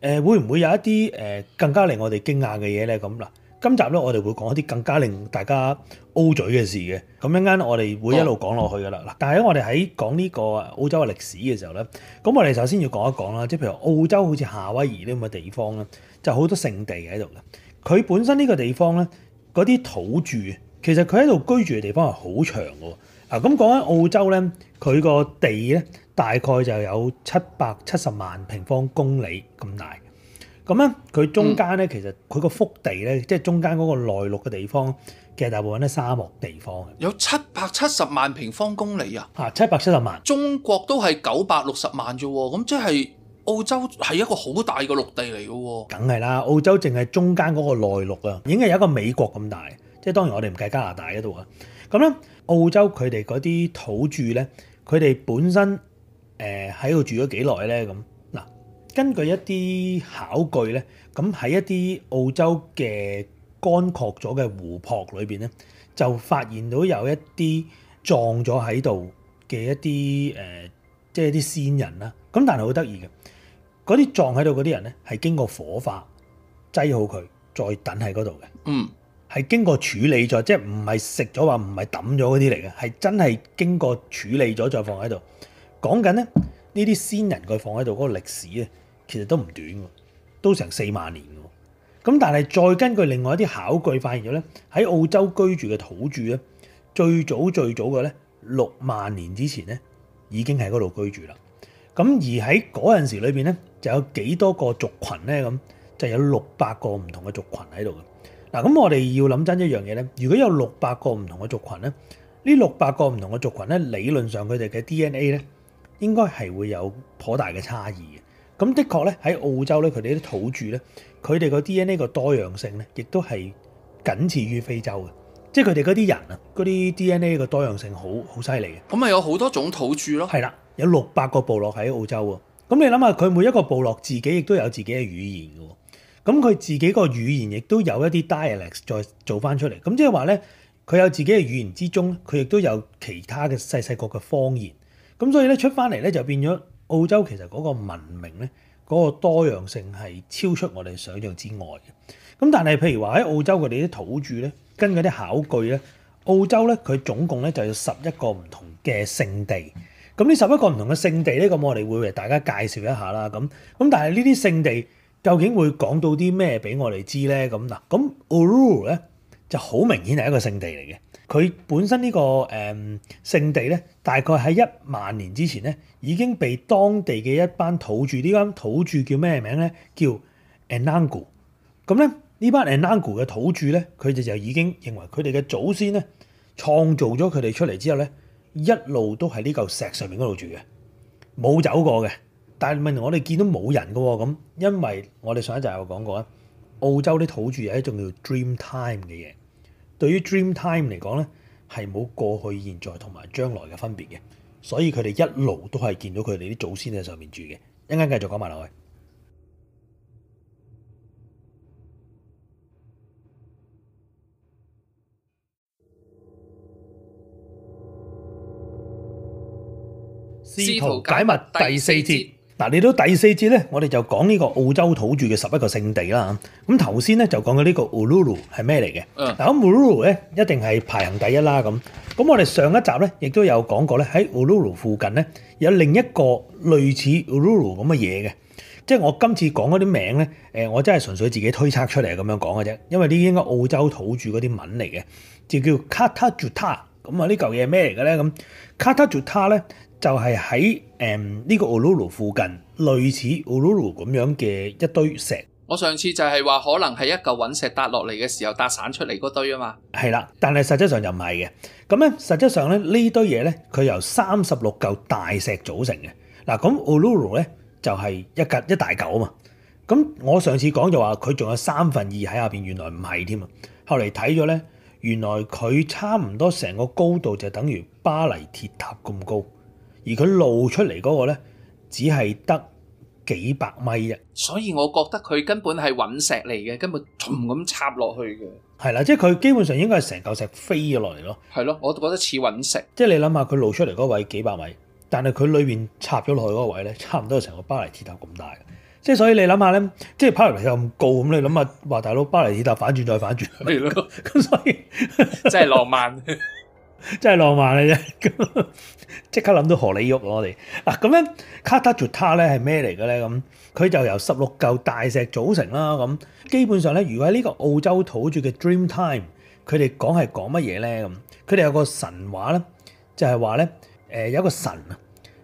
誒會唔會有一啲誒更加令我哋驚訝嘅嘢咧？咁嗱。今集咧，我哋會講一啲更加令大家 O 嘴嘅事嘅。咁一陣間，我哋會一路講落去㗎啦。嗱、哦，但係我哋喺講呢個澳洲嘅歷史嘅時候咧，咁我哋首先要講一講啦，即係譬如澳洲好似夏威夷呢咁嘅地方呢，就好多聖地喺度嘅。佢本身呢個地方咧，嗰啲土著其實佢喺度居住嘅地方係好長嘅。咁講緊澳洲咧，佢個地咧大概就有七百七十萬平方公里咁大。咁咧，佢中間咧，其實佢個腹地咧、嗯，即係中間嗰個內陸嘅地方，其實大部分咧沙漠的地方。有七百七十萬平方公里啊！啊，七百七十萬。中國都係九百六十萬啫喎，咁即係澳洲係一個好大嘅陸地嚟嘅喎。梗係啦，澳洲淨係中間嗰個內陸啊，已經係有一個美國咁大。即係當然我哋唔計加拿大嗰度啊。咁、嗯、咧，澳洲佢哋嗰啲土著咧，佢哋本身誒喺度住咗幾耐咧咁？根據一啲考據咧，咁喺一啲澳洲嘅乾涸咗嘅湖泊裏面，咧，就發現到有一啲葬咗喺度嘅一啲誒，即係啲先人啦。咁但係好得意嘅，嗰啲葬喺度嗰啲人咧，係經過火化，擠好佢再等喺嗰度嘅。嗯，係經過處理咗，即係唔係食咗話唔係抌咗嗰啲嚟嘅，係真係經過處理咗再放喺度。講緊咧。呢啲先人佢放喺度嗰個歷史啊，其實都唔短喎，都成四萬年喎。咁但係再根據另外一啲考據發現咗咧，喺澳洲居住嘅土著咧，最早最早嘅咧六萬年之前咧已經喺嗰度居住啦。咁而喺嗰陣時裏邊咧就有幾多個族群咧？咁就有六百個唔同嘅族群喺度嘅。嗱，咁我哋要諗真一樣嘢咧，如果有六百個唔同嘅族群咧，呢六百個唔同嘅族群咧，理論上佢哋嘅 DNA 咧。應該係會有頗大嘅差異嘅。咁的確咧，喺澳洲咧，佢哋啲土著咧，佢哋個 DNA 個多樣性咧，亦都係僅次於非洲嘅。即係佢哋嗰啲人啊，嗰啲 DNA 個多樣性好好犀利嘅。咁咪有好多種土著咯。係啦，有六百個部落喺澳洲喎。咁你諗下，佢每一個部落自己亦都有自己嘅語言嘅。咁佢自己個語言亦都有一啲 dialect 再做翻出嚟。咁即係話咧，佢有自己嘅語言之中，佢亦都有其他嘅細細個嘅方言。咁所以咧，出翻嚟咧，就變咗澳洲其實嗰個文明咧，嗰個多樣性係超出我哋想象之外嘅。咁但係譬如話喺澳洲佢哋啲土著咧，跟嗰啲考據咧，澳洲咧，佢總共咧就有十一個唔同嘅聖地。咁呢十一個唔同嘅聖地呢，咁我哋會為大家介紹一下啦。咁咁但係呢啲聖地究竟會講到啲咩俾我哋知咧？咁嗱，咁 Uluru 咧就好明顯係一個聖地嚟嘅。佢本身呢、這個誒、嗯、聖地咧，大概喺一萬年之前咧，已經被當地嘅一班土著，呢班土著叫咩名咧？叫 Anangu。咁咧，呢班 Anangu 嘅土著咧，佢哋就已經認為佢哋嘅祖先咧，創造咗佢哋出嚟之後咧，一路都喺呢嚿石上面嗰度住嘅，冇走過嘅。但係問題，我哋見到冇人㗎喎咁，因為我哋上一集有講過啊，澳洲啲土著有一種叫 Dreamtime 嘅嘢。對於 dream time 嚟講咧，係冇過去、現在同埋將來嘅分別嘅，所以佢哋一路都係見到佢哋啲祖先喺上面住嘅。陣間繼續講埋落去，試圖解密第四帖。嗱，嚟到第四節咧，我哋就講呢個澳洲土著嘅十一個聖地啦。咁頭先咧就講咗呢個 Uluru 係咩嚟嘅。嗱，Uluru 咧一定係排行第一啦。咁，咁我哋上一集咧亦都有講過咧喺 Uluru 附近咧有另一個類似 Uluru 咁嘅嘢嘅。即係我今次講嗰啲名咧，誒，我真係純粹自己推測出嚟咁樣講嘅啫。因為呢啲應該澳洲土著嗰啲文嚟嘅，就叫 Kata Tjuta。咁啊，呢嚿嘢係咩嚟嘅咧？咁 Kata Tjuta 咧？就係喺誒呢個 Uluru 附近，類似 u l Uluru 咁樣嘅一堆石。我上次就係話可能係一嚿隕石搭落嚟嘅時候，搭散出嚟嗰堆啊嘛。係啦，但係實際上就唔係嘅。咁咧，實際上咧呢堆嘢咧，佢由三十六嚿大石組成嘅嗱。咁 Uluru 咧就係、是、一嚿一大嚿啊嘛。咁我上次講就話佢仲有三分二喺下邊，原來唔係添啊。後嚟睇咗咧，原來佢差唔多成個高度就等於巴黎鐵塔咁高。而佢露出嚟嗰個咧，只係得幾百米啫。所以我覺得佢根本係隕石嚟嘅，根本重咁插落去嘅。係啦，即係佢基本上應該係成嚿石飛咗落嚟咯。係咯，我都覺得似隕石。即係你諗下，佢露出嚟嗰位幾百米，但係佢裏邊插咗落去嗰位咧，差唔多成個巴黎鐵塔咁大。即、嗯、係所以你諗下咧，即係跑落嚟又咁高，咁你諗下話大佬巴黎鐵塔反轉再反轉，係咯。咁 所以真係浪漫。 真係浪漫嘅啫，即 刻諗到荷里活我哋嗱，咁、啊、樣卡塔 Tjuta 咧係咩嚟嘅咧？咁佢就由十六嚿大石組成啦。咁基本上咧，如果喺呢個澳洲土著嘅 Dreamtime，佢哋講係講乜嘢咧？咁佢哋有個神話咧，就係話咧，誒、呃、有個神啊，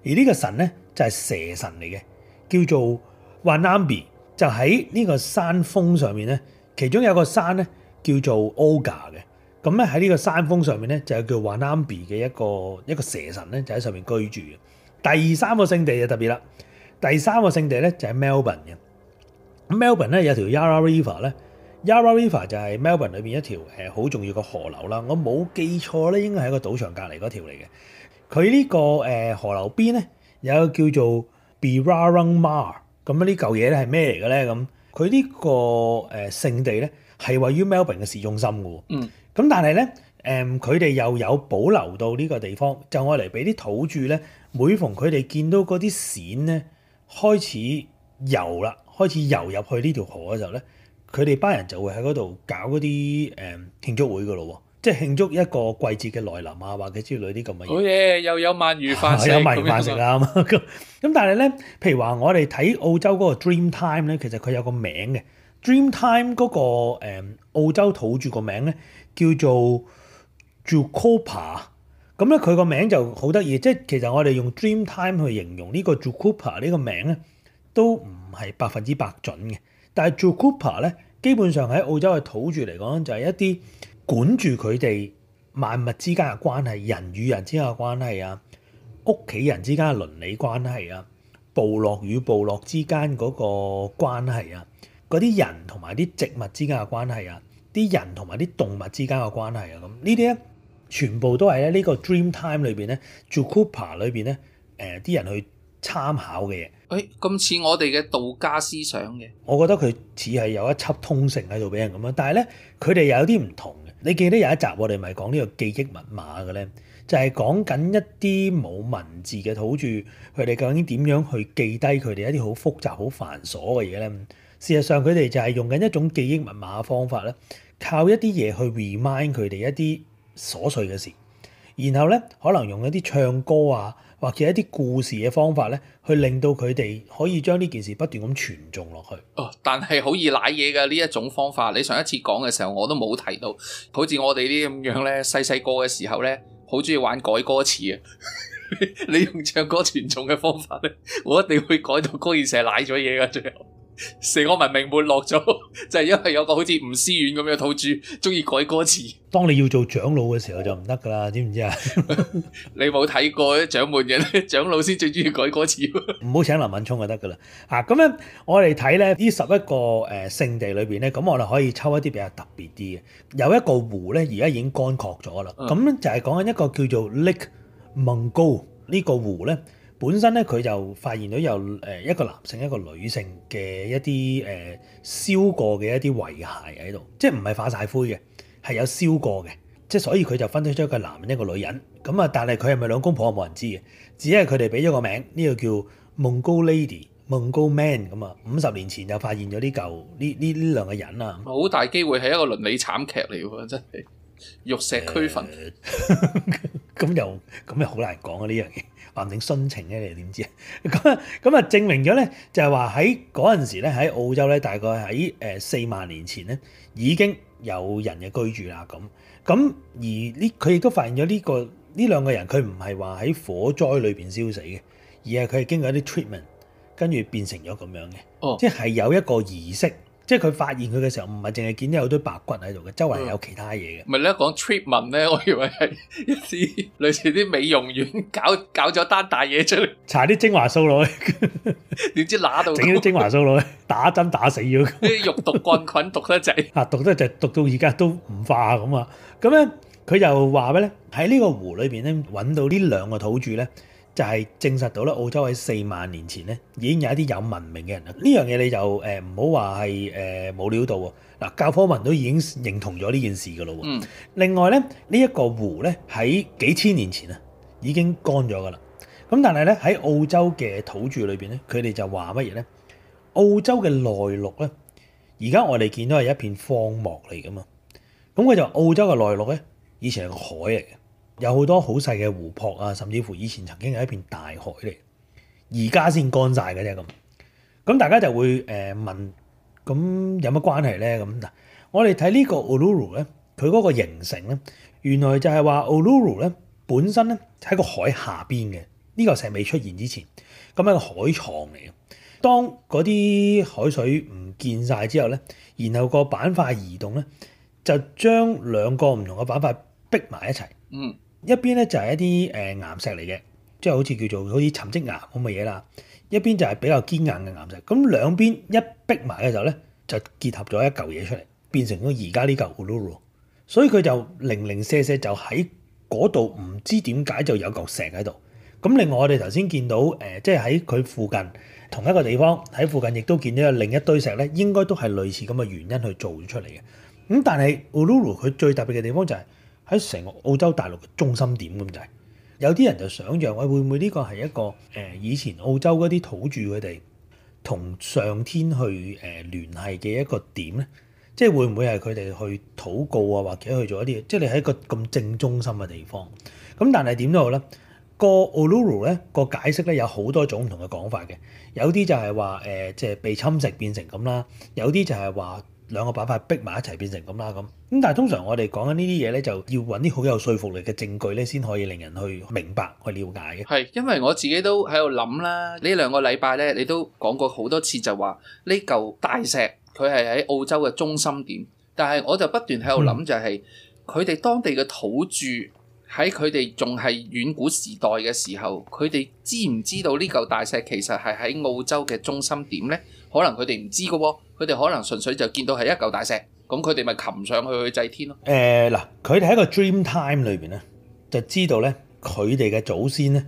而呢個神咧就係、是、蛇神嚟嘅，叫做 Wanambi，就喺呢個山峰上面咧，其中有一個山咧叫做 Olga 嘅。咁咧，喺呢個山峰上面咧，就係叫 Wanambi 嘅一個一個蛇神咧，就喺上面居住嘅。第三個聖地就特別啦。第三個聖地咧就係 Melbourne 嘅。咁 Melbourne 咧有條 Yarra River 咧，Yarra River 就係 Melbourne 裏邊一條誒好重要嘅河流啦。我冇記錯咧，應該係一個賭場隔離嗰條嚟嘅。佢呢個誒河流邊咧有一個叫做 Birrarung Marr。咁呢嚿嘢咧係咩嚟嘅咧？咁佢呢個誒聖地咧係位於 Melbourne 嘅市中心嘅。嗯。咁但係咧，誒佢哋又有保留到呢個地方，就愛嚟俾啲土著咧，每逢佢哋見到嗰啲鱔咧開始游啦，開始游入去呢條河嘅時候咧，佢哋班人就會喺嗰度搞嗰啲誒慶祝會噶咯，即係慶祝一個季節嘅來臨啊，或者之類啲咁嘅嘢。好嘢，又有鰻魚飯食， 有鰻魚飯食啊！咁咁， 但係咧，譬如話我哋睇澳洲嗰個 Dreamtime 咧，其實佢有個名嘅。Dreamtime 嗰個、誒、澳洲土著個名咧，叫做 Jukupa、嗯。咁咧佢個名就好得意，即係其實我哋用 Dreamtime 去形容呢個 Jukupa 呢個名咧，都唔係百分之百準嘅。但係 Jukupa 咧，基本上喺澳洲嘅土著嚟講，就係一啲管住佢哋萬物之間嘅關係、人與人之間嘅關係啊、屋企人之間嘅倫理關係啊、部落與部落之間嗰個關係啊。嗰啲人同埋啲植物之間嘅關係啊，啲人同埋啲動物之間嘅關係啊，咁呢啲咧全部都係咧呢個 Dream Time 裏邊咧，做 Tjukurpa 裏邊咧，誒、呃、啲人去參考嘅嘢。誒咁似我哋嘅道家思想嘅，我覺得佢似係有一輯通勝喺度俾人咁樣，但係咧佢哋又有啲唔同嘅。你記得有一集我哋咪講呢個記憶密碼嘅咧，就係講緊一啲冇文字嘅土著，佢哋究竟點樣去記低佢哋一啲好複雜、好繁瑣嘅嘢咧？事實上，佢哋就係用緊一種記憶密碼嘅方法咧，靠一啲嘢去 remind 佢哋一啲瑣碎嘅事，然後咧可能用一啲唱歌啊，或者一啲故事嘅方法咧，去令到佢哋可以將呢件事不斷咁傳頌落去。哦，但係好易賴嘢㗎呢一種方法。你上一次講嘅時候，我都冇提到。好似我哋啲咁樣咧，細細個嘅時候咧，好中意玩改歌詞啊。 你用唱歌傳頌嘅方法咧，我一定會改到歌詞成日賴咗嘢㗎，最後。成個文明沒落咗，就係、是、因為有個好似吳思遠咁樣土著，中意改歌詞。當你要做長老嘅時候就唔得噶啦，知唔知啊？ 你冇睇過長老嘅，咧，長老先最中意改歌詞。唔好請林敏聰就得噶啦。咁、啊、樣我哋睇咧，呢十一個誒聖地裏邊咧，咁我哋可以抽一啲比較特別啲嘅。有一個湖咧，而家已經乾涸咗啦。咁、嗯、咧就係講緊一個叫做 Lake Mungo 呢個湖咧。本身咧佢就發現到有誒一個男性一個女性嘅一啲誒燒過嘅一啲遺骸喺度，即係唔係化晒灰嘅，係有燒過嘅，即係所以佢就分析出咗一個男人一個女人咁啊！但係佢係咪兩公婆冇人知嘅，只係佢哋俾咗個名，呢個叫 Mungo Lady、Mungo Man 咁啊！五十年前就發現咗呢嚿呢呢呢兩個人啊，好大機會係一個倫理慘劇嚟喎，真係玉石俱焚、呃。 咁又咁又好難講啊！呢樣嘢，話唔定殉情咧，你點知啊？咁啊，證明咗咧，就係話喺嗰陣時咧，喺澳洲咧，大概喺誒四萬年前咧，已經有人嘅居住啦。咁咁而呢，佢亦都發現咗呢個呢兩個人，佢唔係話喺火災裏邊燒死嘅，而係佢係經過一啲 treatment，跟住變成咗咁樣嘅。哦，即係係有一個儀式。即係佢發現佢嘅時候，唔係淨係見到有堆白骨喺度嘅，周圍有其他嘢嘅。唔係咧，講 Treatment 咧，我以為係一啲類似啲美容院搞搞咗單大嘢出嚟，搽啲精華素落去，點知乸到整、那、啲、個、精華素落去，打針打死咗，啲肉毒桿菌毒得滯。啊，毒得滯，毒到而家都唔化咁啊！咁咧，佢又話咩咧？喺呢個湖裏邊咧，揾到呢兩個土著咧。就係、是、證實到啦，澳洲喺四萬年前咧已經有一啲有文明嘅人啦。呢樣嘢你就唔好話係冇料到喎。嗱、呃呃，教科文都已經認同咗呢件事噶喇嗯。另外咧，呢、這、一個湖咧喺幾千年前啊已經乾咗噶啦。咁但係咧喺澳洲嘅土著裏面，咧，佢哋就話乜嘢咧？澳洲嘅內陸咧，而家我哋見到係一片荒漠嚟噶嘛。咁佢就澳洲嘅內陸咧，以前係海嚟嘅。有好多好細嘅湖泊啊，甚至乎以前曾經係一片大海嚟，現在才乾，而家先乾晒嘅啫咁。咁大家就會誒問，咁有乜關係咧？咁嗱，我哋睇呢個 Uluru 咧，佢嗰個形成咧，原來就係話 Uluru 咧本身咧喺個海下邊嘅，呢、這個石未出現之前，咁一個海床嚟嘅。當嗰啲海水唔見晒之後咧，然後個板塊移動咧，就將兩個唔同嘅板塊逼埋一齊，嗯。一邊咧就係一啲誒岩石嚟嘅，即係好似叫做好似沉積岩咁嘅嘢啦。一邊就係比較堅硬嘅岩石。咁兩邊一逼埋嘅時候咧，就結合咗一嚿嘢出嚟，變成咗而家呢嚿 Uluru。所以佢就零零舍舍就喺嗰度，唔知點解就有嚿石喺度。咁另外我哋頭先見到誒，即係喺佢附近同一個地方喺附近，亦都見到另一堆石咧，應該都係類似咁嘅原因去做出嚟嘅。咁但係 Uluru，佢最特別嘅地方就係、是。喺成個澳洲大陸嘅中心點咁滯，有啲人就想象喂，會唔會呢個係一個誒以前澳洲嗰啲土著佢哋同上天去誒聯繫嘅一個點咧？即係會唔會係佢哋去禱告啊，或者去做一啲？即係你喺一個咁正中心嘅地方。咁但係點都好咧，個 Uluru 咧個解釋咧有好多種唔同嘅講法嘅，有啲就係話誒即係被侵蝕變成咁啦，有啲就係話。兩個板塊逼埋一齊變成咁啦，咁咁但係通常我哋講緊呢啲嘢咧，就要搵啲好有說服力嘅證據咧，先可以令人去明白去了解嘅。係，因為我自己都喺度諗啦，兩禮呢兩個禮拜咧，你都講過好多次就話呢嚿大石佢係喺澳洲嘅中心點，但係我就不斷喺度諗就係佢哋當地嘅土著喺佢哋仲係遠古時代嘅時候，佢哋知唔知道呢嚿大石其實係喺澳洲嘅中心點咧？可能佢哋唔知㗎喎。佢哋可能純粹就見到係一嚿大石，咁佢哋咪擒上去去祭天咯、啊。誒、呃、嗱，佢哋喺個 dream time 裏邊咧，就知道咧佢哋嘅祖先咧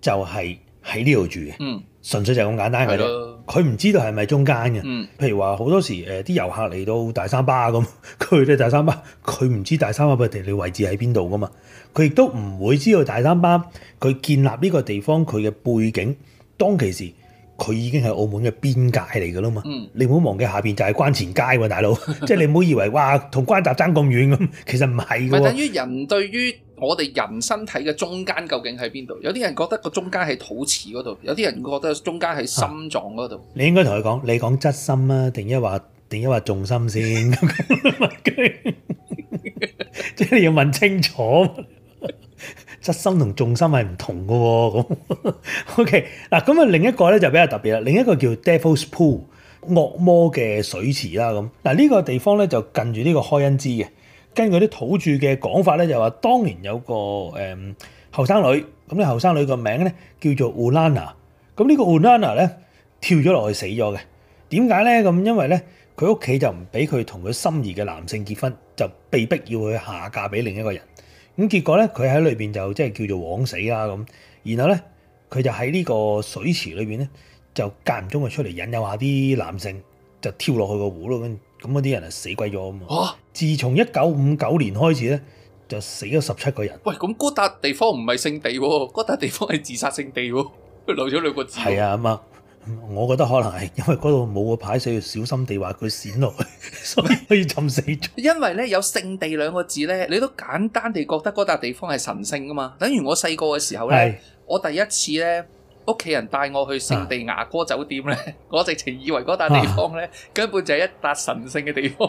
就係喺呢度住嘅。嗯，純粹就咁簡單，係咪佢唔知道係咪中間嘅，嗯。譬如話好多時誒、啲、呃、遊客嚟到大三巴咁，佢哋大三巴，佢唔知大三巴嘅地理位置喺邊度㗎嘛？佢亦都唔會知道大三巴佢建立呢個地方佢嘅背景當其時。佢已經係澳門嘅邊界嚟㗎啦嘛，嗯、你唔好忘記下面就係關前街喎、啊，大佬，即 係你唔好以為哇同關閘爭咁遠咁，其實唔係㗎喎。等於人對於我哋人身體嘅中間究竟喺邊度？有啲人覺得個中間係肚臍嗰度，有啲人覺得中間係心臟嗰度。你應該同佢講，你講質心啊，定一話定一話重心先，即 你要問清楚。質心同重心係唔同㗎喎，咁 OK 嗱，咁啊另一個咧就比較特別啦，另一個叫 Devil's Pool 惡魔嘅水池啦，咁嗱呢個地方咧就近住呢個開恩茲嘅，根據啲土著嘅講法咧就話，當年有個誒後生女，咁呢後生女個名咧叫做 Oolana，咁呢個 Oolana 咧跳咗落去死咗嘅，點解咧咁？因為咧佢屋企就唔俾佢同佢心儀嘅男性結婚，就被逼要去下嫁俾另一個人。咁結果咧，佢喺裏邊就即係叫做枉死啦咁。然後咧，佢就喺呢個水池裏邊咧，就間唔中就出嚟引誘下啲男性，就跳落去個湖咯。咁咁嗰啲人係死鬼咗啊嘛！嚇！自從一九五九年開始咧，就死咗十七個人。喂，咁嗰笪地方唔係聖地喎，嗰笪地方係自殺聖地喎，留咗兩個字。係啊，阿媽。我覺得可能係因為嗰度冇個牌，所以小心地話佢閃落去，所以可以浸死咗。 因為咧有聖地兩個字咧，你都簡單地覺得嗰笪地方係神聖噶嘛？等於我細個嘅時候咧，我第一次咧，屋企人帶我去聖地牙哥酒店咧、啊，我直情以為嗰笪地方咧、啊，根本就係一笪神聖嘅地方，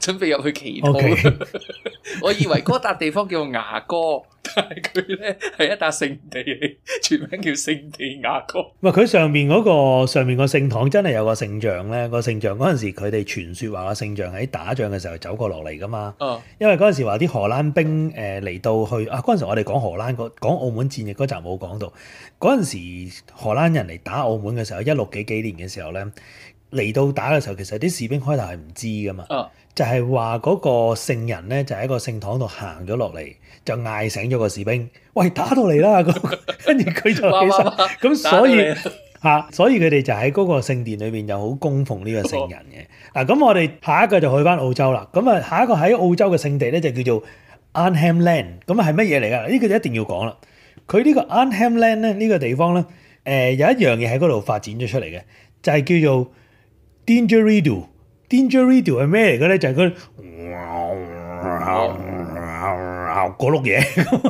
準備入去祈禱。Okay. 我以為嗰笪地方叫做牙哥。佢咧，係一笪聖地，全名叫聖地亞哥。唔係佢上面嗰、嗰個，上面個聖堂真係有個聖像咧。個聖像嗰陣時，佢哋傳說話個聖像喺打仗嘅時候走過落嚟噶嘛、嗯。因為嗰陣時話啲荷蘭兵誒嚟、呃、到去啊，嗰陣時我哋講荷蘭個講澳門戰役嗰集冇講到，嗰陣時荷蘭人嚟打澳門嘅時候，一六幾幾年嘅時候咧嚟到打嘅時候，其實啲士兵開頭係唔知噶嘛。就係話嗰個聖人咧，就喺、是、個聖、就是、堂度行咗落嚟。就嗌醒咗個士兵，喂打到嚟啦！咁跟住佢就起身，咁所以吓，所以佢哋就喺嗰個聖殿裏邊就好供奉呢個聖人嘅。嗱，咁我哋下一個就去返澳洲啦。咁啊，下一個喺澳洲嘅聖地咧就叫做 Arnhem Land。咁係乜嘢嚟噶？呢個就一定要講啦。佢呢個 Arnhem Land 咧，呢個地方咧，誒，有一樣嘢喺嗰度發展咗出嚟嘅，就係叫做 didgeridoo。Didgeridoo 係咩嚟嘅咧？就係個嗰碌嘢，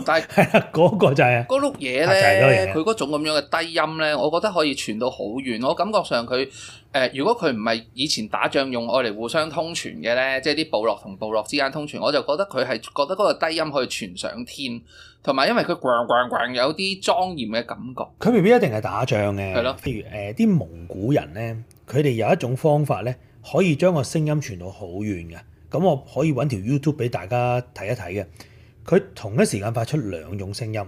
但係嗰個就係嗰碌嘢咧，佢、嗰、嗰、個就係、種咁樣嘅低音咧，我覺得可以傳到好遠。我感覺上佢誒、呃，如果佢唔係以前打仗用我嚟互相通傳嘅咧，即係啲部落同部落之間通傳，我就覺得佢係覺得嗰個低音可以傳上天，同埋因為佢咣咣咣有啲莊嚴嘅感覺。佢未必一定係打仗嘅，係咯？譬如誒，啲、呃、蒙古人咧，佢哋有一種方法咧，可以將個聲音傳到好遠嘅。咁我可以揾條 YouTube 俾大家睇一睇嘅。佢同一時間發出兩種聲音，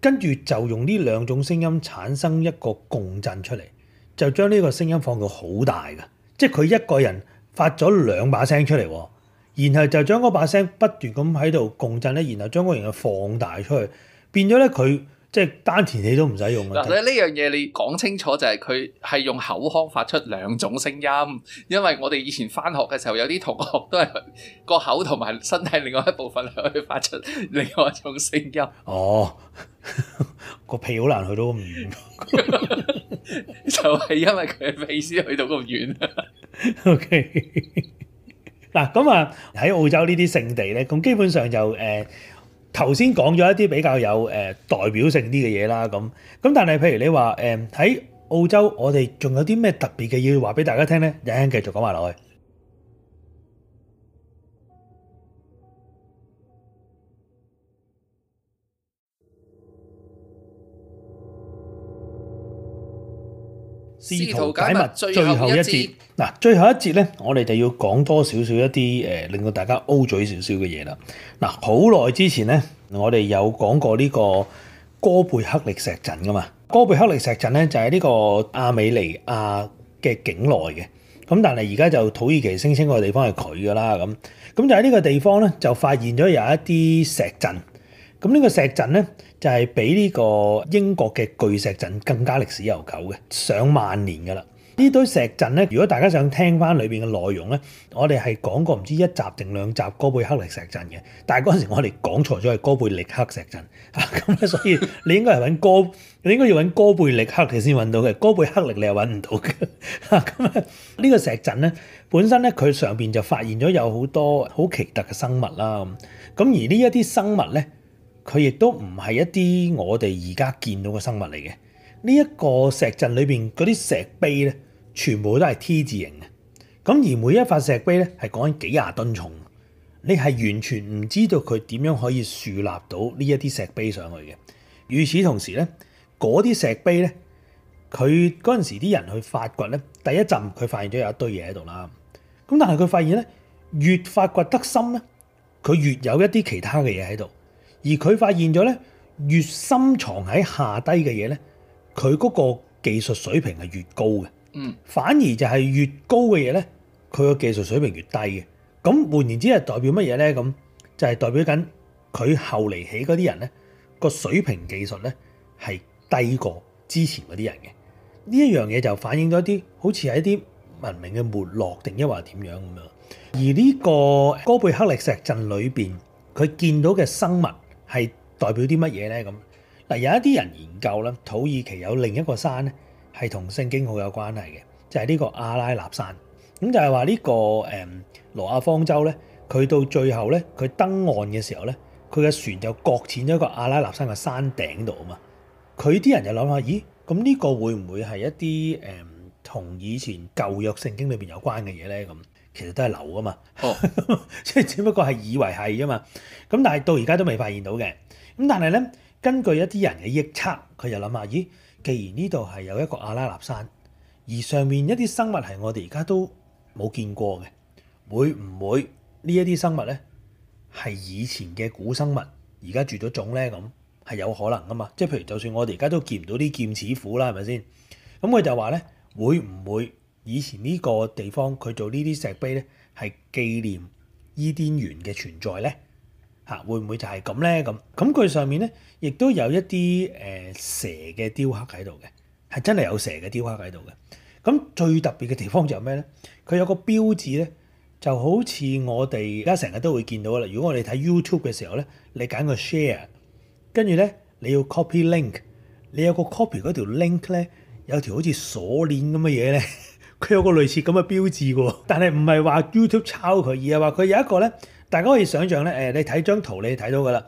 跟住就用呢兩種聲音產生一個共振出嚟，就將呢個聲音放到好大㗎，即係佢一個人發咗兩把聲出嚟喎，然後就將嗰把聲不斷咁喺度共振咧，然後將嗰樣嘢放大出去，變咗咧佢。即係丹田不用用這件事你都唔使用啊！嗱，呢樣嘢你講清楚就係佢係用口腔發出兩種聲音，因為我哋以前返學嘅時候有啲同學都係個口同埋身體另外一部分去可發出另外一種聲音。哦，呵呵個屁好難去到咁遠，不 就係因為佢嘅鼻屎去到咁遠。OK，嗱咁啊，喺澳洲呢啲聖地咧，咁基本上就誒。呃頭先講咗一啲比較有誒代表性啲嘅嘢啦，咁咁但係譬如你話誒喺澳洲，我哋仲有啲咩特別嘅要話俾大家聽咧？陣間繼續講埋落去。試圖解密最後一節嗱，最後一節咧，我哋就要講多少少一啲誒，令到大家 O 嘴少少嘅嘢啦。嗱，好耐之前咧，我哋有講過呢個哥貝克力石陣㗎嘛？哥貝克力石陣咧就喺、是、呢個亞美尼亞嘅境內嘅，咁但係而家就土耳其聲稱地個地方係佢㗎啦咁。咁就喺呢個地方咧，就發現咗有一啲石陣，咁呢個石陣咧。就係、是、比呢個英國嘅巨石陣更加歷史悠久嘅，上萬年噶啦。呢堆石陣咧，如果大家想聽翻裏面嘅內容咧，我哋係講過唔知一集定兩集哥貝克力石陣嘅，但係嗰陣時我哋講錯咗係哥貝力克石陣啊，咁咧所以你應該係揾哥， 你應該要揾哥貝力克先揾到嘅，哥貝克力你係揾唔到嘅。咁咧呢個石陣咧，本身咧，佢上面就發現咗有好多好奇特嘅生物啦。咁、啊、而呢一啲生物咧。佢亦都唔係一啲我哋而家見到嘅生物嚟嘅。呢一個石陣裏面嗰啲石碑咧，全部都係 T 字形嘅。咁而每一塊石碑咧，係講緊幾廿噸重。你係完全唔知道佢點樣可以樹立到呢一啲石碑上去嘅。與此同時咧，嗰啲石碑咧，佢嗰陣時啲人去發掘咧，第一陣佢發現咗有一堆嘢喺度啦。咁但係佢發現咧，越發掘得深咧，佢越有一啲其他嘅嘢喺度。而佢發現咗咧，越深藏喺下低嘅嘢咧，佢嗰個技術水平係越高嘅。嗯，反而就係越高嘅嘢咧，佢個技術水平越低嘅。咁換言之係代表乜嘢咧？咁就係、係、代表緊佢後嚟起嗰啲人咧、嗰個水平技術咧係低過之前嗰啲人嘅。呢一樣嘢就反映咗一啲好似係一啲文明嘅沒落，定一話點樣咁樣。而呢個哥貝克力石陣裏邊佢見到嘅生物。係代表啲乜嘢咧？咁嗱，有一啲人研究啦，土耳其有另一個山咧，係同聖經好有關係嘅，就係呢個阿拉納山。咁就係話呢個誒羅亞方舟咧，佢到最後咧，佢登岸嘅時候咧，佢嘅船就擱淺咗一個阿拉納山嘅山頂度啊嘛。佢啲人就諗下，咦？咁呢個會唔會係一啲誒同以前舊約聖經裏邊有關嘅嘢咧？咁？其實都係流噶嘛，哦，即 係只不過係以為係啫嘛。咁但係到而家都未發現到嘅。咁但係咧，根據一啲人嘅臆測，佢就諗下：咦？既然呢度係有一個阿拉納山，而上面一啲生物係我哋而家都冇見過嘅，會唔會呢一啲生物咧係以前嘅古生物，而家住咗種咧，咁係有可能噶嘛？即係譬如，就算我哋而家都見唔到啲劍齒虎啦，係咪先？咁佢就話咧，會唔會？以前呢個地方佢做呢啲石碑呢，係紀念伊甸園嘅存在呢。嚇會唔會就係咁呢？咁咁佢上面呢，亦都有一啲誒、呃、蛇嘅雕刻喺度嘅，係真係有蛇嘅雕刻喺度嘅。咁最特別嘅地方就係咩呢？佢有個標誌呢，就好似我哋而家成日都會見到啦。如果我哋睇 YouTube 嘅時候呢，你揀個 Share，跟住呢，你要 copy link，你有個 copy 嗰條 link 呢，有條好似鎖鏈咁嘅嘢呢。佢有個類似咁嘅標誌喎，但係唔係話 YouTube 抄佢，而係話佢有一個咧，大家可以想象咧，誒，你睇張圖你睇到噶啦，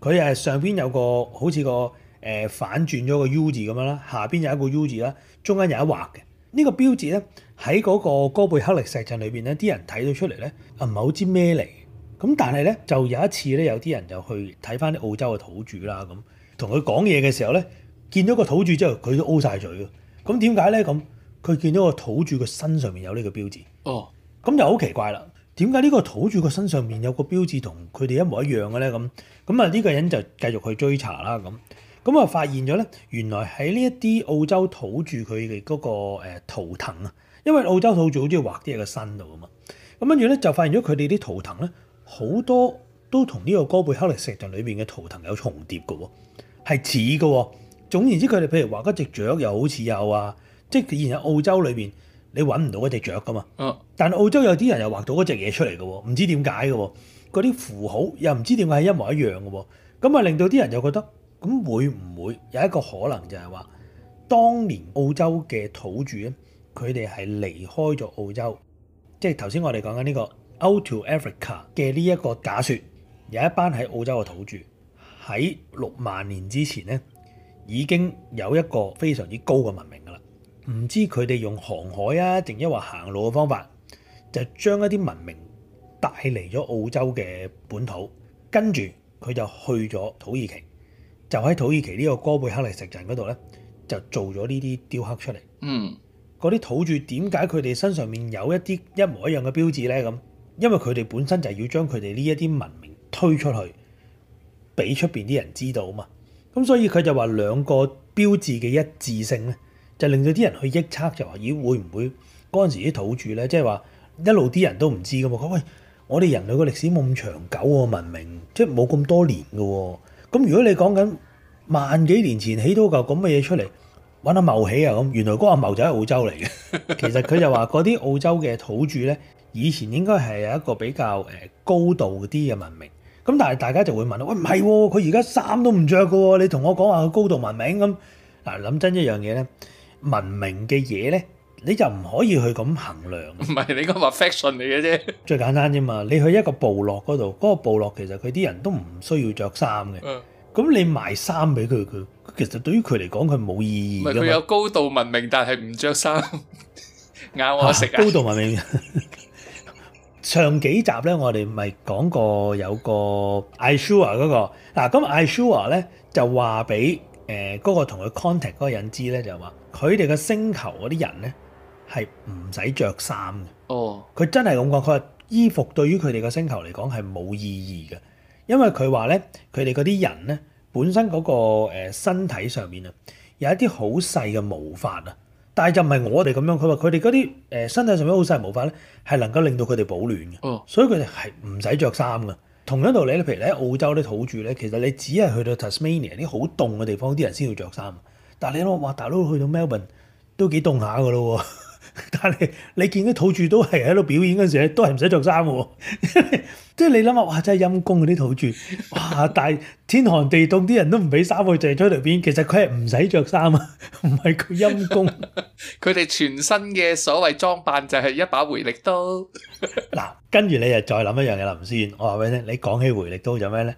佢係上邊有個好似個誒反轉咗個 U 字咁樣啦，下邊有一個 U 字啦，中間有一劃嘅。呢個標誌咧喺嗰個哥貝克力石陣裏邊咧，啲人睇到出嚟咧，唔係好知咩嚟。咁但係咧，就有一次咧，有啲人就去睇翻啲澳洲嘅土著啦，咁同佢講嘢嘅時候咧，見到個土著之後，佢都 O 晒嘴嘅。咁點解咧咁？佢見到個土著嘅身上面有呢個標誌，哦，咁就好奇怪啦。點解呢個土著嘅身上面有個標誌同佢哋一模一樣嘅咧？咁咁啊，呢個人就繼續去追查啦。咁咁啊，發現咗咧，原來喺呢一啲澳洲土著佢嘅嗰個誒圖騰啊，因為澳洲土著好中意畫啲嘢喺個身度啊嘛。咁跟住咧就發現咗佢哋啲圖騰咧，好多都同呢個哥貝克力石像裏邊嘅圖騰有重疊嘅喎，係似嘅。總言之，佢哋譬如畫嗰隻雀又好似有啊。即係，現喺澳洲裏邊，你揾唔到嗰隻雀㗎嘛？但澳洲有啲人又畫到嗰隻嘢出嚟嘅喎，唔知點解嘅喎。嗰啲符號又唔知點解係一模一樣嘅喎，咁啊令到啲人又覺得咁會唔會有一個可能就係話，當年澳洲嘅土著咧，佢哋係離開咗澳洲。即係頭先我哋講緊呢個 Out to Africa 嘅呢一個假説，有一班喺澳洲嘅土著喺六萬年之前咧已經有一個非常之高嘅文明。唔知佢哋用航海啊，定抑或行路嘅方法，就將一啲文明帶嚟咗澳洲嘅本土。跟住佢就去咗土耳其，就喺土耳其呢個哥貝克力石陣嗰度咧，就做咗呢啲雕刻出嚟。嗯，嗰啲土著點解佢哋身上面有一啲一模一樣嘅標誌咧？咁，因為佢哋本身就要將佢哋呢一啲文明推出去，俾出邊啲人知道啊嘛。咁所以佢就話兩個標誌嘅一致性咧，就令到啲人去臆測，就話：咦，會唔會嗰陣時啲土著咧，即係話一路啲人都唔知噶嘛？佢話喂，我哋人類個歷史冇咁長久、啊，個文明即係冇咁多年噶、啊。咁如果你講緊萬幾年前起到嚿咁嘅嘢出嚟，揾阿茂起啊咁，原來嗰阿茂就係澳洲嚟嘅。 其實佢就話嗰啲澳洲嘅土著咧，以前應該係有一個比較誒高度啲嘅文明。咁但係大家就會問喂，唔係喎，佢而家衫都唔着噶喎，你同我講話佢高度文明咁嗱？諗真一樣嘢咧。文明嘅嘢咧，你就唔可以去咁衡量。唔係你講話 faction 嚟嘅啫。最簡單啫嘛，你去一個部落嗰度，嗰、嗰個部落其實佢啲人都唔需要着衫嘅。嗯。咁你賣衫俾佢，佢其實對於佢嚟講，佢冇意義。佢有高度文明，但係唔着衫，咬我食啊！高度文明。 上幾集咧，我哋咪講過有個 Isua 嗰、嗰個嗱，咁 Isua 咧就話俾誒嗰個同佢 contact 嗰個人知咧就話。佢哋嘅星球嗰啲人咧，係唔使着衫嘅。哦，佢真係咁講，佢話衣服對於佢哋嘅星球嚟講係冇意義嘅，因為佢話咧，佢哋嗰啲人咧，本身嗰個誒身體上面啊有一啲好細嘅毛髮啊，但係就唔係我哋咁樣。佢話佢哋嗰啲誒身體上面好細毛髮咧，係能夠令到佢哋保暖嘅。所以佢哋係唔使着衫嘅。同樣道理，你譬如你喺澳洲啲土著咧，其實你只係去到 Tasmania 啲好凍嘅地方，啲人先要着衫。但你諗下，大佬去到 Melbourne 都幾凍下噶咯。但係你見啲土著都係喺度表演嗰陣時，都係唔使着衫喎。即 係你諗下，哇！真係陰公嗰啲土著哇！但係天寒地凍，啲人都唔俾衫，去，就係吹條鞭。其實佢係唔使着衫啊，唔係佢陰公。佢 哋全身嘅所謂裝扮就係一把回力刀嗱。跟 住你就再諗一樣嘢啦，先我話俾你聽。你講起回力刀就咩咧？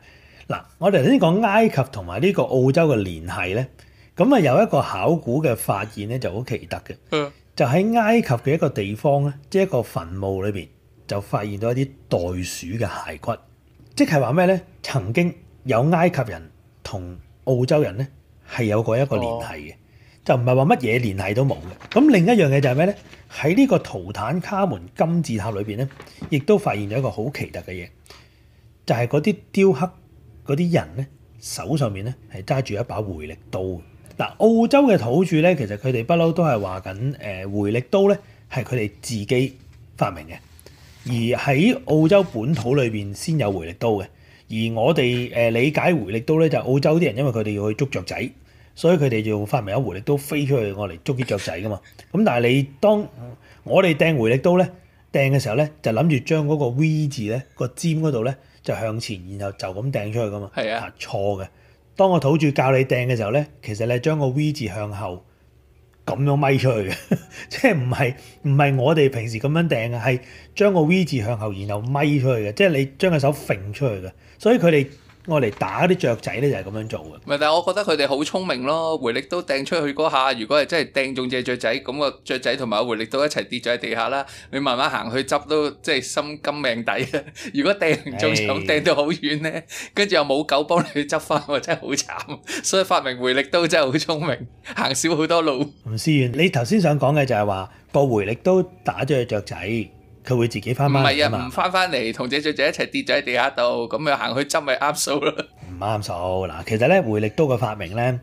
嗱，我哋頭先講埃及同埋呢個澳洲嘅聯繫咧。咁啊，有一個考古嘅發現咧，就好奇特嘅。嗯。就喺埃及嘅一個地方咧，即係一個墳墓裏邊，就發現到一啲袋鼠嘅骸骨。即係話咩咧？曾經有埃及人同澳洲人咧係有過一個聯繫嘅，就唔係話乜嘢聯繫都冇嘅。咁另一樣嘢就係咩咧？喺呢個圖坦卡門金字塔裏邊咧，亦都發現咗一個好奇特嘅嘢，就係嗰啲雕刻嗰啲人咧手上面咧係揸住一把回力刀。嗱，澳洲嘅土著咧，其實佢哋不嬲都係話緊，誒回力刀咧係佢哋自己發明嘅，而喺澳洲本土裏邊先有回力刀嘅。而我哋誒理解回力刀咧，就澳洲啲人因為佢哋要去捉雀仔，所以佢哋就發明咗回力刀飛出去攞嚟捉啲雀仔噶嘛。咁但係你當我哋掟回力刀咧掟嘅時候咧，就諗住將嗰個 V 字咧、個尖嗰度咧就向前，然後就咁掟出去噶嘛。係啊，錯嘅。當我土著教你掟嘅時候咧，其實你將個 V 字向後咁樣咪出去嘅，即係唔係唔係我哋平時咁樣掟嘅，係將個 V 字向後然後咪出去嘅，即係你將個手揈出去嘅，所以佢哋。我嚟打啲雀仔咧，就係咁樣做嘅。唔係，但係我覺得佢哋好聰明咯，回力刀掟出去嗰下，如果係真係掟中隻雀仔，咁個雀仔同埋回力刀一齊跌咗喺地下啦。你慢慢行去執都即係心甘命抵啊！如果掟唔中，哎、又掟到好遠咧，跟住又冇狗幫你執翻，真係好慘。所以發明回力刀真係好聰明，行少好多路。吳思遠，你頭先想講嘅就係話個回力刀打咗隻雀仔。佢會自己翻翻唔係啊？唔翻翻嚟同隻雀仔一齊跌咗喺地下度，咁又行去執咪啱數咯。唔啱數嗱，其實咧回力刀嘅發明咧，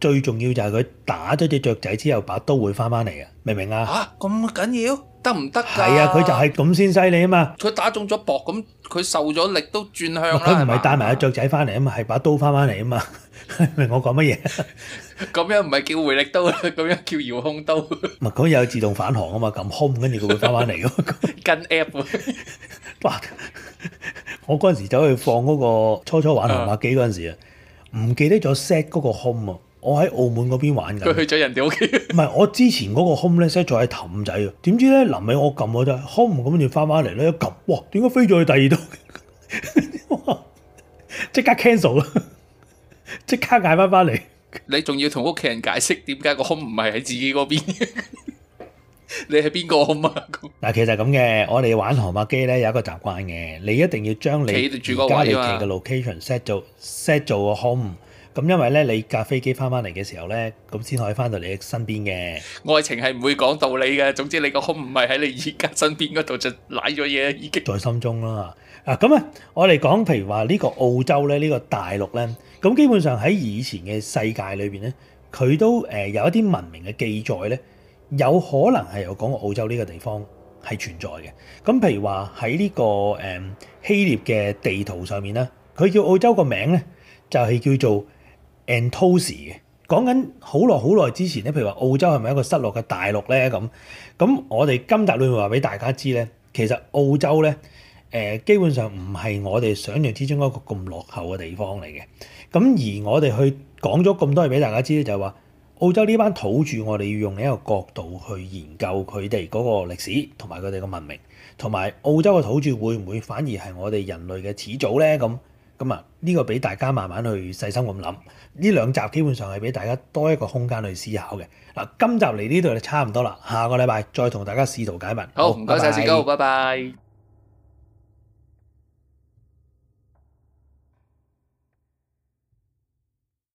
最重要就係佢打咗隻雀仔之後，把刀會翻翻嚟嘅，明唔明啊？嚇咁緊要得唔得㗎？係啊，佢就係咁先犀利啊嘛！佢打中咗薄咁，佢受咗力都轉向啦。佢唔係帶埋隻雀仔翻嚟啊嘛，係把刀翻翻嚟啊嘛。明我講乜嘢？咁樣唔係叫回力刀啦，咁樣叫遙控刀。唔係，佢有自動返航啊嘛，撳 home 跟住佢會翻翻嚟嘅。 跟 app 我嗰陣時走去放嗰、嗰個初初玩航拍機嗰陣時啊，唔、嗯、記得咗 set 嗰個 home 啊。我喺澳門嗰邊玩嘅，佢去咗人哋屋企。唔係，我之前嗰個 home 咧 set 咗喺氹仔嘅。點知咧，臨尾我撳嗰陣 home，跟住翻翻嚟咧，一撳哇，點解飛咗去第二度？即 刻 cancel 啦～即刻嗌翻翻嚟，你仲要同屋企人解釋點解個 home 唔係喺自己嗰邊？ 你係邊個 home 啊？嗱，其實咁嘅，我哋玩航拍機咧有一個習慣嘅，你一定要將你而家你嘅 location set 做 set 做個 home。咁因為咧，你架飛機翻翻嚟嘅時候咧，咁先可以翻到你身邊嘅。愛情係唔會講道理嘅，總之你個 home 唔係喺你而家身邊嗰度，就舐咗嘢，已經在心中啦。嗱，咁啊，我哋講，譬如話呢個澳洲咧，呢、呢個大陸咧。咁基本上喺以前嘅世界裏邊咧，佢都誒有一啲文明嘅記載咧，有可能係有講過澳洲呢個地方係存在嘅。咁譬如話喺呢個誒、嗯、希臘嘅地圖上面咧，佢叫澳洲個名咧就係、是、叫做 Antosi 嘅。講緊好耐好耐之前咧，譬如話澳洲係咪一個失落嘅大陸咧？咁咁我哋今集會話俾大家知咧，其實澳洲咧誒、呃、基本上唔係我哋想象之中一個咁落後嘅地方嚟嘅。咁而我哋去講咗咁多嘢俾大家知咧，就係話澳洲呢班土著，我哋要用一個角度去研究佢哋嗰個歷史同埋佢哋嘅文明，同埋澳洲嘅土著會唔會反而係我哋人類嘅始祖呢？咁咁啊，呢個俾大家慢慢去細心咁諗。呢兩集基本上係俾大家多一個空間去思考嘅。嗱，今集嚟呢度就差唔多啦，下個禮拜再同大家試圖解密好。好，唔該晒志高，拜拜。謝謝。